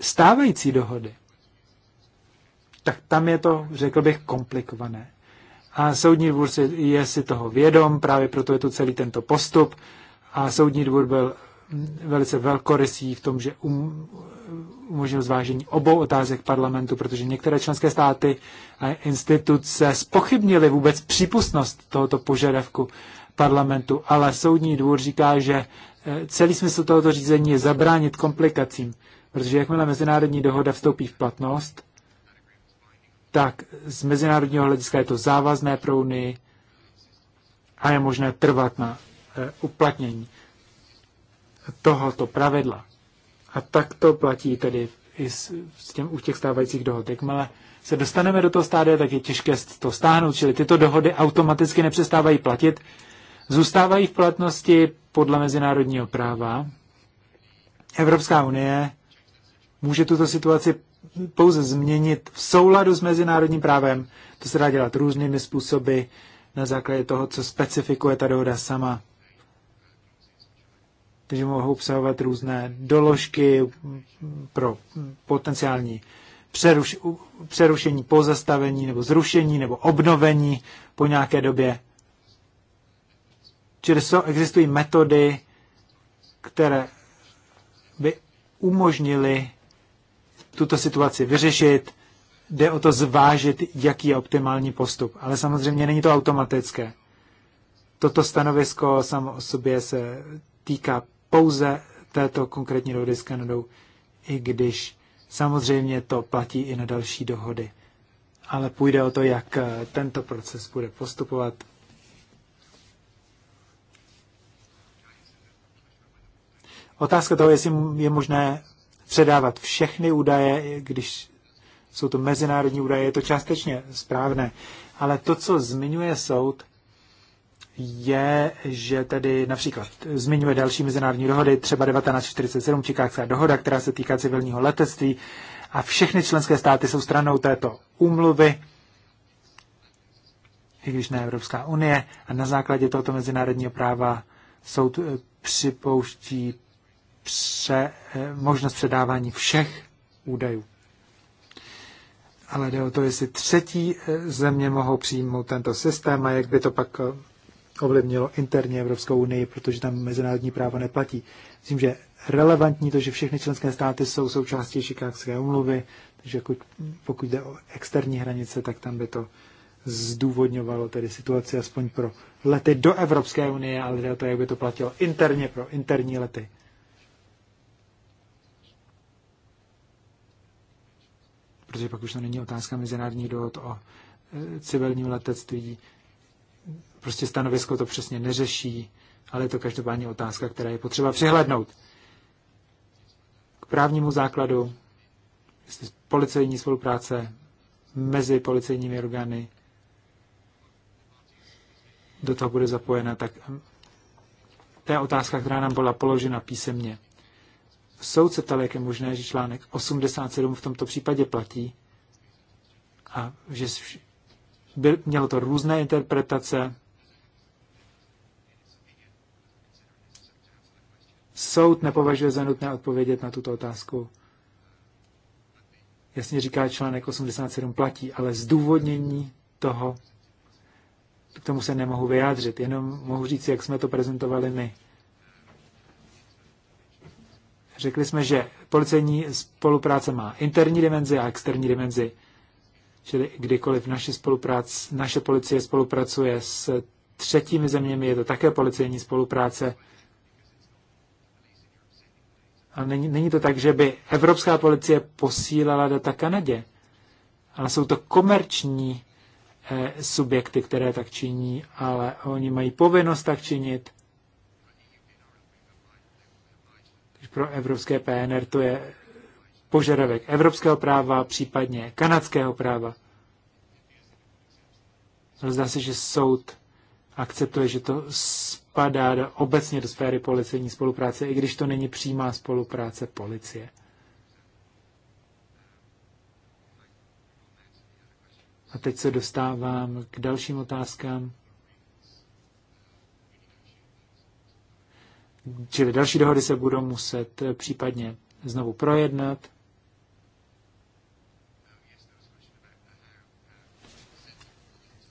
Stávající dohody, tak tam je to, řekl bych, komplikované. A soudní dvůr si, je si toho vědom, právě proto je tu celý tento postup. A soudní dvůr byl velice velkorysý v tom, že um, umožnil zvážení obou otázek parlamentu, protože některé členské státy a instituce spochybnili vůbec přípustnost tohoto požadavku parlamentu, ale soudní dvůr říká, že eh, celý smysl tohoto řízení je zabránit komplikacím, protože jakmile mezinárodní dohoda vstoupí v platnost, tak z mezinárodního hlediska je to závazné pro Unii a je možné trvat na eh, uplatnění tohoto pravidla. A tak to platí tedy i s, s těm, u těch stávajících dohod. Jakmile se dostaneme do toho stádia, tak je těžké to stáhnout, čili tyto dohody automaticky nepřestávají platit, zůstávají v platnosti podle mezinárodního práva. Evropská unie může tuto situaci pouze změnit v souladu s mezinárodním právem. To se dá dělat různými způsoby na základě toho, co specifikuje ta dohoda sama takže mohou obsahovat různé doložky pro potenciální přeruš, přerušení, pozastavení nebo zrušení nebo obnovení po nějaké době. Čili jsou, existují metody, které by umožnily tuto situaci vyřešit. Jde o to zvážit, jaký je optimální postup. Ale samozřejmě není to automatické. Toto stanovisko samo o sobě se týká pouze této konkrétní dohody s Kanadou, i když samozřejmě to platí i na další dohody. Ale půjde o to, jak eh, tento proces bude postupovat. Otázka toho, jestli je možné předávat všechny údaje, když jsou to mezinárodní údaje, je to částečně správné. Ale to, co zmiňuje soud, je, že tedy například zmiňuje další mezinárodní dohody, třeba 1947 Čikákská dohoda, která se týká civilního letectví a všechny členské státy jsou stranou této úmluvy, i když ne Evropská unie, a na základě tohoto mezinárodního práva soud eh, připouští pře, eh, možnost předávání všech údajů. Ale jde o to, jestli třetí eh, země mohou přijmout tento systém a jak by to pak ovlivnilo interně Evropskou unii, protože tam mezinárodní práva neplatí. Myslím, že relevantní to, že všechny členské státy jsou součástí Chicagské umluvy, takže jako, pokud jde o externí hranice, tak tam by to zdůvodňovalo tedy situaci aspoň pro lety do Evropské unie, ale jde o to, jak by to platilo interně pro interní lety. Protože pak už to není otázka mezinárodních dohod o e, civilním letectví, prostě stanovisko to přesně neřeší, ale je to každopádně otázka, která je potřeba přihlednout. K právnímu základu, jestli policejní spolupráce mezi policejními orgány do toho bude zapojena, tak hm, to je otázka, která nám byla položena písemně. Soud se ptal, jak je možné, že článek 87 v tomto případě platí a že byl, mělo to různé interpretace. Soud nepovažuje za nutné odpovědět na tuto otázku. Jasně říká článek 87 platí, ale zdůvodnění toho, k tomu se nemohu vyjádřit, jenom mohu říct, jak jsme to prezentovali my. Řekli jsme, že policejní spolupráce má interní dimenzi a externí dimenzi. Čili kdykoliv naše, spoluprác, naše policie spolupracuje s třetími zeměmi, je to také policejní spolupráce. A není, není to tak, že by evropská policie posílala data Kanadě, ale jsou to komerční eh, subjekty, které tak činí, ale oni mají povinnost tak činit. pro evropské PNR to je požadavek evropského práva, případně kanadského práva. No, zdá se, že soud akceptuje, že to spadá do, obecně do sféry policejní spolupráce, i když to není přímá spolupráce policie. A teď se dostávám k dalším otázkám. Čili další dohody se budou muset případně znovu projednat.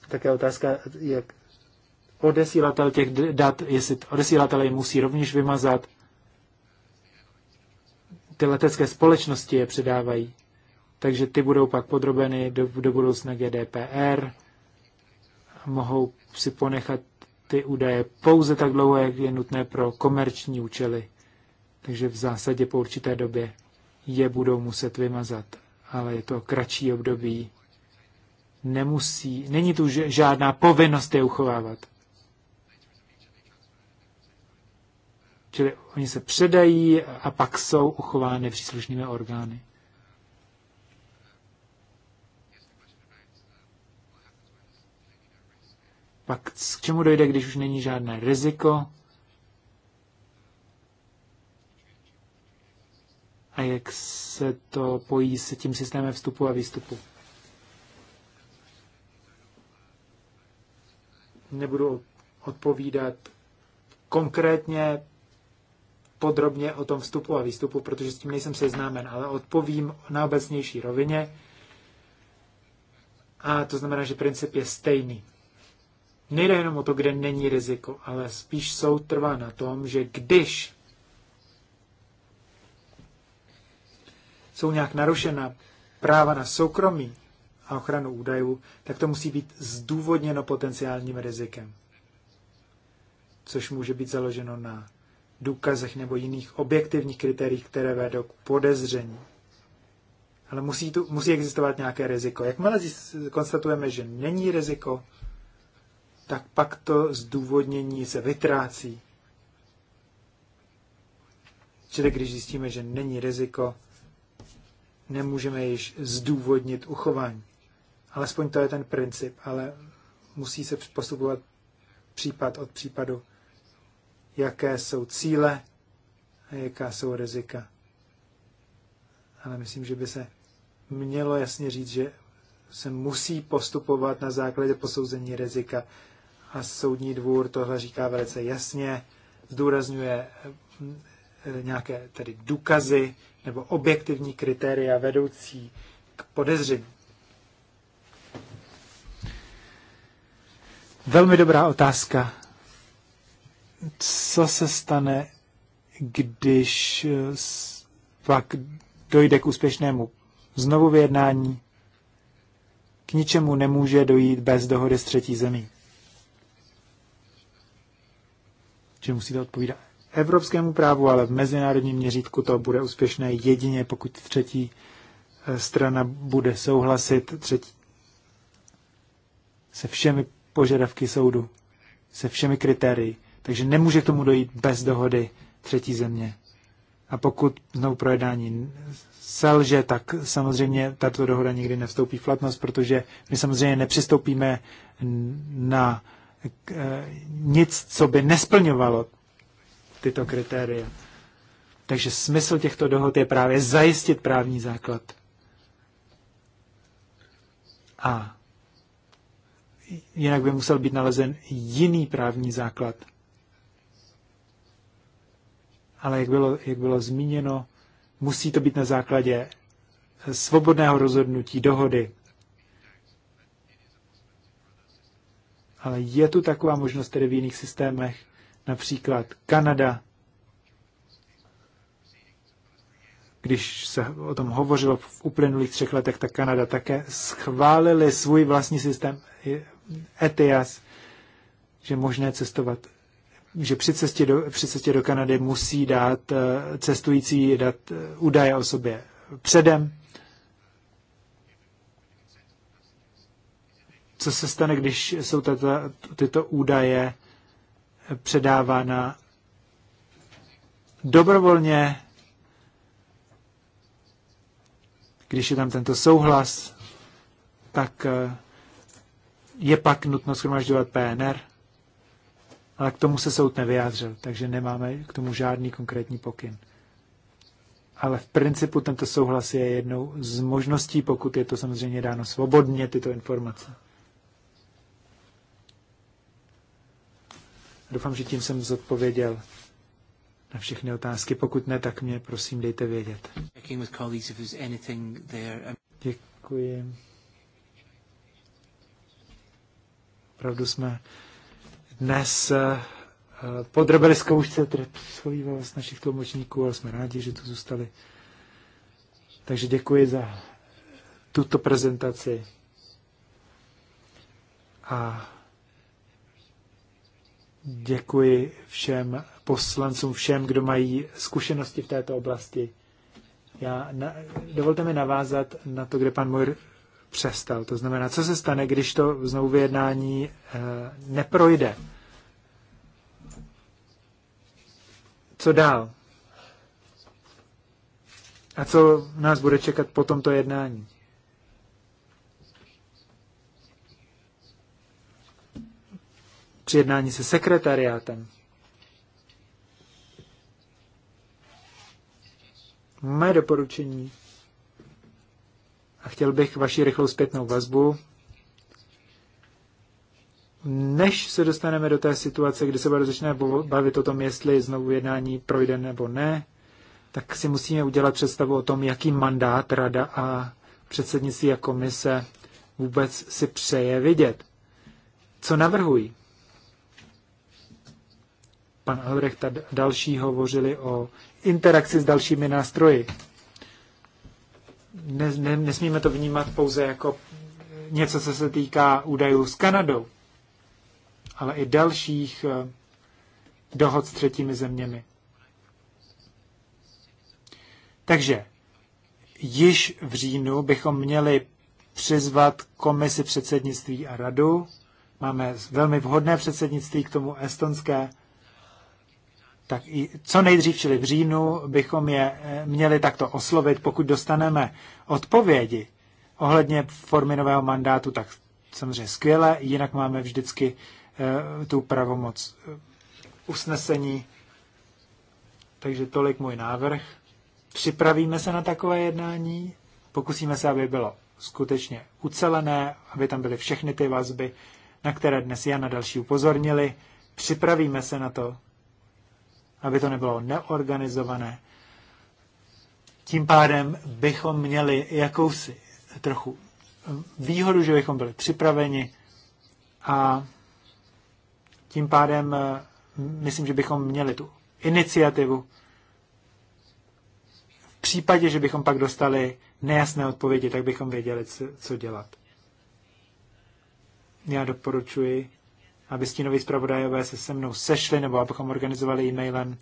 také otázka, jak odesílatel těch dat, jestli odesílatel je musí rovněž vymazat. Ty letecké společnosti je předávají, takže ty budou pak podrobeny do, do budoucna GDPR, mohou si ponechat ty údaje pouze tak dlouho, jak je nutné pro komerční účely. Takže v zásadě po určité době je budou muset vymazat, ale je to kratší období nemusí, není tu žádná povinnost je uchovávat. Čili oni se předají a pak jsou uchovány příslušnými orgány. Pak k čemu dojde, když už není žádné riziko? A jak se to pojí s tím systémem vstupu a výstupu? nebudu odpovídat konkrétně podrobně o tom vstupu a výstupu, protože s tím nejsem seznámen, ale odpovím na obecnější rovině. A to znamená, že princip je stejný. Nejde jenom o to, kde není riziko, ale spíš soud trvá na tom, že když jsou nějak narušena práva na soukromí a ochranu údajů, tak to musí být zdůvodněno potenciálním rizikem, což může být založeno na důkazech nebo jiných objektivních kritériích, které vedou k podezření. Ale musí, tu, musí existovat nějaké riziko. Jakmile konstatujeme, že není riziko, tak pak to zdůvodnění se vytrácí. Čili když zjistíme, že není riziko, nemůžeme již zdůvodnit uchování. Alespoň to je ten princip, ale musí se postupovat případ od případu, jaké jsou cíle a jaká jsou rizika. Ale myslím, že by se mělo jasně říct, že se musí postupovat na základě posouzení rizika. A soudní dvůr tohle říká velice jasně, zdůrazňuje eh, nějaké tedy důkazy nebo objektivní kritéria vedoucí k podezření. Velmi dobrá otázka. Co se stane, když eh, pak dojde k úspěšnému znovu vyjednání? K ničemu nemůže dojít bez dohody s třetí zemí. Že musíte odpovídat evropskému právu, ale v mezinárodním měřítku to bude úspěšné jedině, pokud třetí eh, strana bude souhlasit třetí, se všemi požadavky soudu se všemi kritérii. Takže nemůže k tomu dojít bez dohody třetí země. A pokud znovu projednání selže, tak samozřejmě tato dohoda nikdy nevstoupí v platnost, protože my samozřejmě nepřistoupíme na e, nic, co by nesplňovalo tyto kritéria. Takže smysl těchto dohod je právě zajistit právní základ. A jinak by musel být nalezen jiný právní základ. Ale jak bylo, jak bylo zmíněno, musí to být na základě svobodného rozhodnutí, dohody. Ale je tu taková možnost tedy v jiných systémech, například Kanada, když se o tom hovořilo v uplynulých třech letech, tak Kanada také schválili svůj vlastní systém ETIAS, že možné cestovat, že při cestě do, při cestě do Kanady musí dát eh, cestující dát eh, údaje o sobě předem. Co se stane, když jsou tato, tyto údaje eh, předávána dobrovolně, když je tam tento souhlas, tak je pak nutno schromažďovat PNR, ale k tomu se soud nevyjádřil, takže nemáme k tomu žádný konkrétní pokyn. Ale v principu tento souhlas je jednou z možností, pokud je to samozřejmě dáno svobodně, tyto informace. Doufám, že tím jsem zodpověděl na všechny otázky. Pokud ne, tak mě prosím dejte vědět. Děkuji. Opravdu jsme dnes eh, eh, podrobili zkoušce schovívanost našich tlumočníků, ale jsme rádi, že tu zůstali. Takže děkuji za tuto prezentaci. A děkuji všem poslancům, všem, kdo mají zkušenosti v této oblasti. Já na, dovolte mi navázat na to, kde pan Mojr přestal. To znamená, co se stane, když to znovu vyjednání eh, neprojde? Co dál? A co nás bude čekat po tomto jednání? Při jednání se sekretariátem. Moje doporučení a chtěl bych vaši rychlou zpětnou vazbu. Než se dostaneme do té situace, kdy se bude začne bavit o tom, jestli znovu jednání projde nebo ne, tak si musíme udělat představu o tom, jaký mandát rada a předsednictví a komise vůbec si přeje vidět. Co navrhují? Pan Albrecht a další hovořili o interakci s dalšími nástroji ne, ne, nesmíme to vnímat pouze jako něco, co se týká údajů s Kanadou, ale i dalších eh, dohod s třetími zeměmi. Takže již v říjnu bychom měli přizvat komisi předsednictví a radu. Máme velmi vhodné předsednictví k tomu estonské tak i co nejdřív, čili v říjnu, bychom je eh, měli takto oslovit. Pokud dostaneme odpovědi ohledně formy nového mandátu, tak samozřejmě skvěle, jinak máme vždycky eh, tu pravomoc eh, usnesení. Takže tolik můj návrh. Připravíme se na takové jednání, pokusíme se, aby bylo skutečně ucelené, aby tam byly všechny ty vazby, na které dnes já na další upozornili. Připravíme se na to, aby to nebylo neorganizované. Tím pádem bychom měli jakousi trochu výhodu, že bychom byli připraveni a tím pádem eh, myslím, že bychom měli tu iniciativu. V případě, že bychom pak dostali nejasné odpovědi, tak bychom věděli, co dělat. Já doporučuji aby stínoví zpravodajové se se mnou sešli, nebo abychom organizovali e-mailem,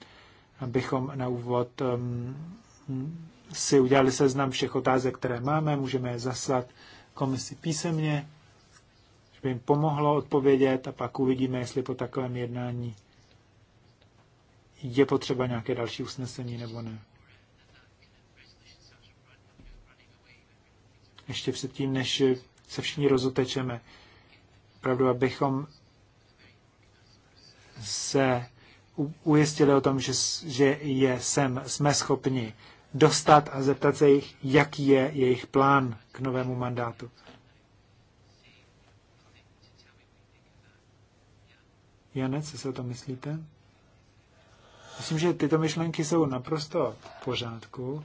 abychom na úvod um, si udělali seznam všech otázek, které máme, můžeme je zaslat komisi písemně, že by jim pomohlo odpovědět a pak uvidíme, jestli po takovém jednání je potřeba nějaké další usnesení nebo ne. Ještě předtím, než se všichni rozotečeme, opravdu, abychom se ujistili o tom, že, že je sem jsme schopni dostat a zeptat se jich, jaký je jejich plán k novému mandátu. Janec, co si o tom myslíte? Myslím, že tyto myšlenky jsou naprosto v pořádku,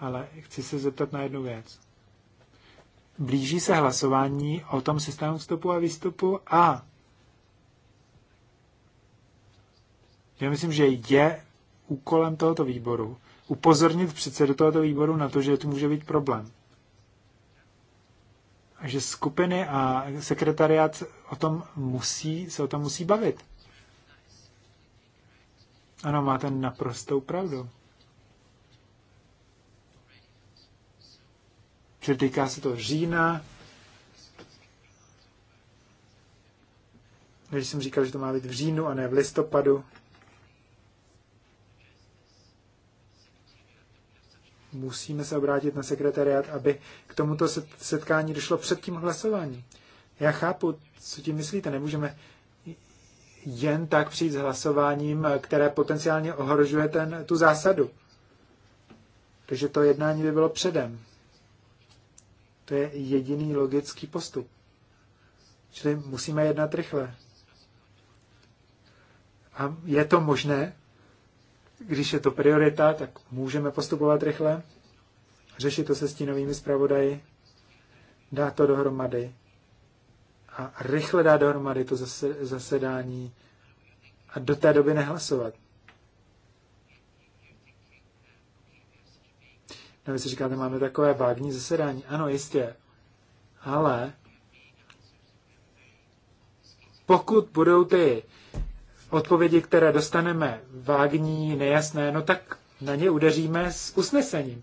ale chci se zeptat na jednu věc. Blíží se hlasování o tom systému vstupu a výstupu a Já myslím, že je úkolem tohoto výboru upozornit předsedu tohoto výboru na to, že tu může být problém. A že skupiny a sekretariát o tom musí, se o tom musí bavit. Ano, máte naprostou pravdu. Čili týká se to října. Když jsem říkal, že to má být v říjnu a ne v listopadu. musíme se obrátit na sekretariát, aby k tomuto setkání došlo před tím hlasováním. Já chápu, co tím myslíte. Nemůžeme jen tak přijít s hlasováním, které potenciálně ohrožuje ten, tu zásadu. Takže to jednání by bylo předem. To je jediný logický postup. Čili musíme jednat rychle. A je to možné? když je to priorita, tak můžeme postupovat rychle, řešit to se stínovými zpravodaji, dát to dohromady a rychle dát dohromady to zasedání a do té doby nehlasovat. No, vy si říkáte, máme takové vágní zasedání. Ano, jistě. Ale pokud budou ty odpovědi, které dostaneme vágní, nejasné, no tak na ně udeříme s usnesením.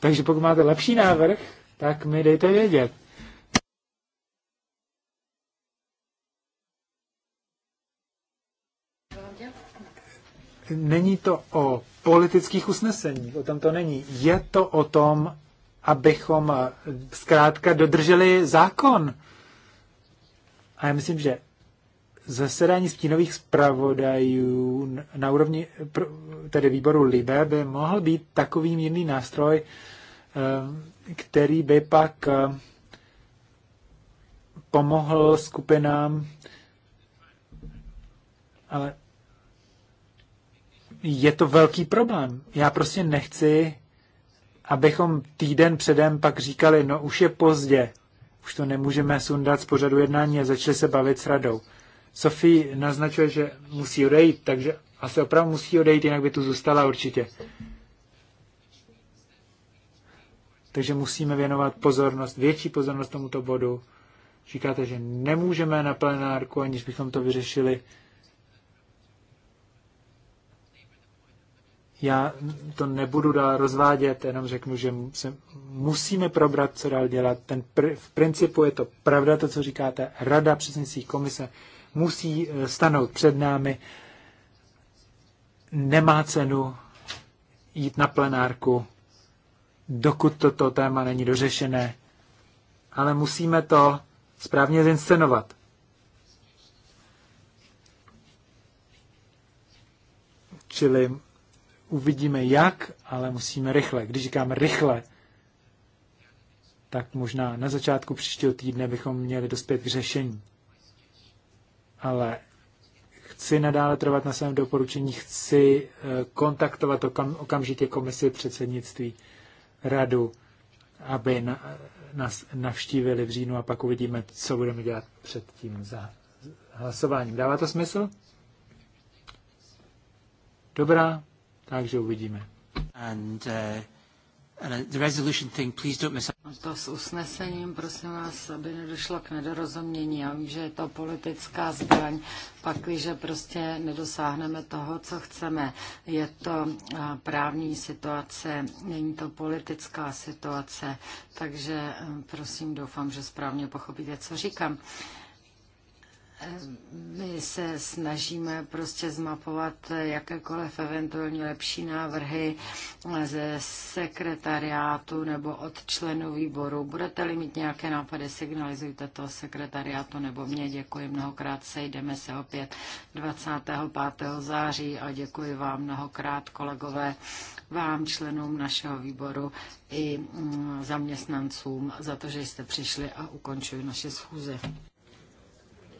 Takže pokud máte lepší návrh, tak mi dejte vědět. Není to o politických usneseních, o tom to není. Je to o tom, abychom eh, zkrátka dodrželi zákon. A já myslím, že zasedání stínových zpravodajů na úrovni tedy výboru LIBE by mohl být takový mírný nástroj, eh, který by pak eh, pomohl skupinám, ale je to velký problém. Já prostě nechci, abychom týden předem pak říkali, no už je pozdě, už to nemůžeme sundat z pořadu jednání a začali se bavit s radou. Sofie naznačuje, že musí odejít, takže asi opravdu musí odejít, jinak by tu zůstala určitě. Takže musíme věnovat pozornost, větší pozornost tomuto bodu. Říkáte, že nemůžeme na plenárku, aniž bychom to vyřešili Já to nebudu dál rozvádět, jenom řeknu, že se musíme probrat, co dál dělat. Ten pr- v principu je to pravda, to, co říkáte. Rada předsednictví komise musí eh, stanout před námi. Nemá cenu jít na plenárku, dokud toto téma není dořešené. Ale musíme to správně zinscenovat. Čili Uvidíme jak, ale musíme rychle. Když říkám rychle, tak možná na začátku příštího týdne bychom měli dospět k řešení. Ale chci nadále trvat na svém doporučení, chci eh, kontaktovat okam, okamžitě komisi předsednictví radu, aby na, nás navštívili v říjnu a pak uvidíme, co budeme dělat před tím za hlasováním. Dává to smysl? Dobrá, takže uvidíme. Uh, and, uh... The resolution thing, please don't miss... No to s usnesením, prosím vás, aby nedošlo k nedorozumění. Já vím, že je to politická zbraň, že prostě nedosáhneme toho, co chceme. Je to právní situace, není to politická situace, takže eh, prosím, doufám, že správně pochopíte, co říkám. My se snažíme prostě zmapovat jakékoliv eventuální lepší návrhy ze sekretariátu nebo od členů výboru. Budete-li mít nějaké nápady, signalizujte to sekretariátu nebo mě. Děkuji mnohokrát, sejdeme se opět 25. září a děkuji vám mnohokrát, kolegové, vám, členům našeho výboru i mm, zaměstnancům za to, že jste přišli a ukončuji naše schůze.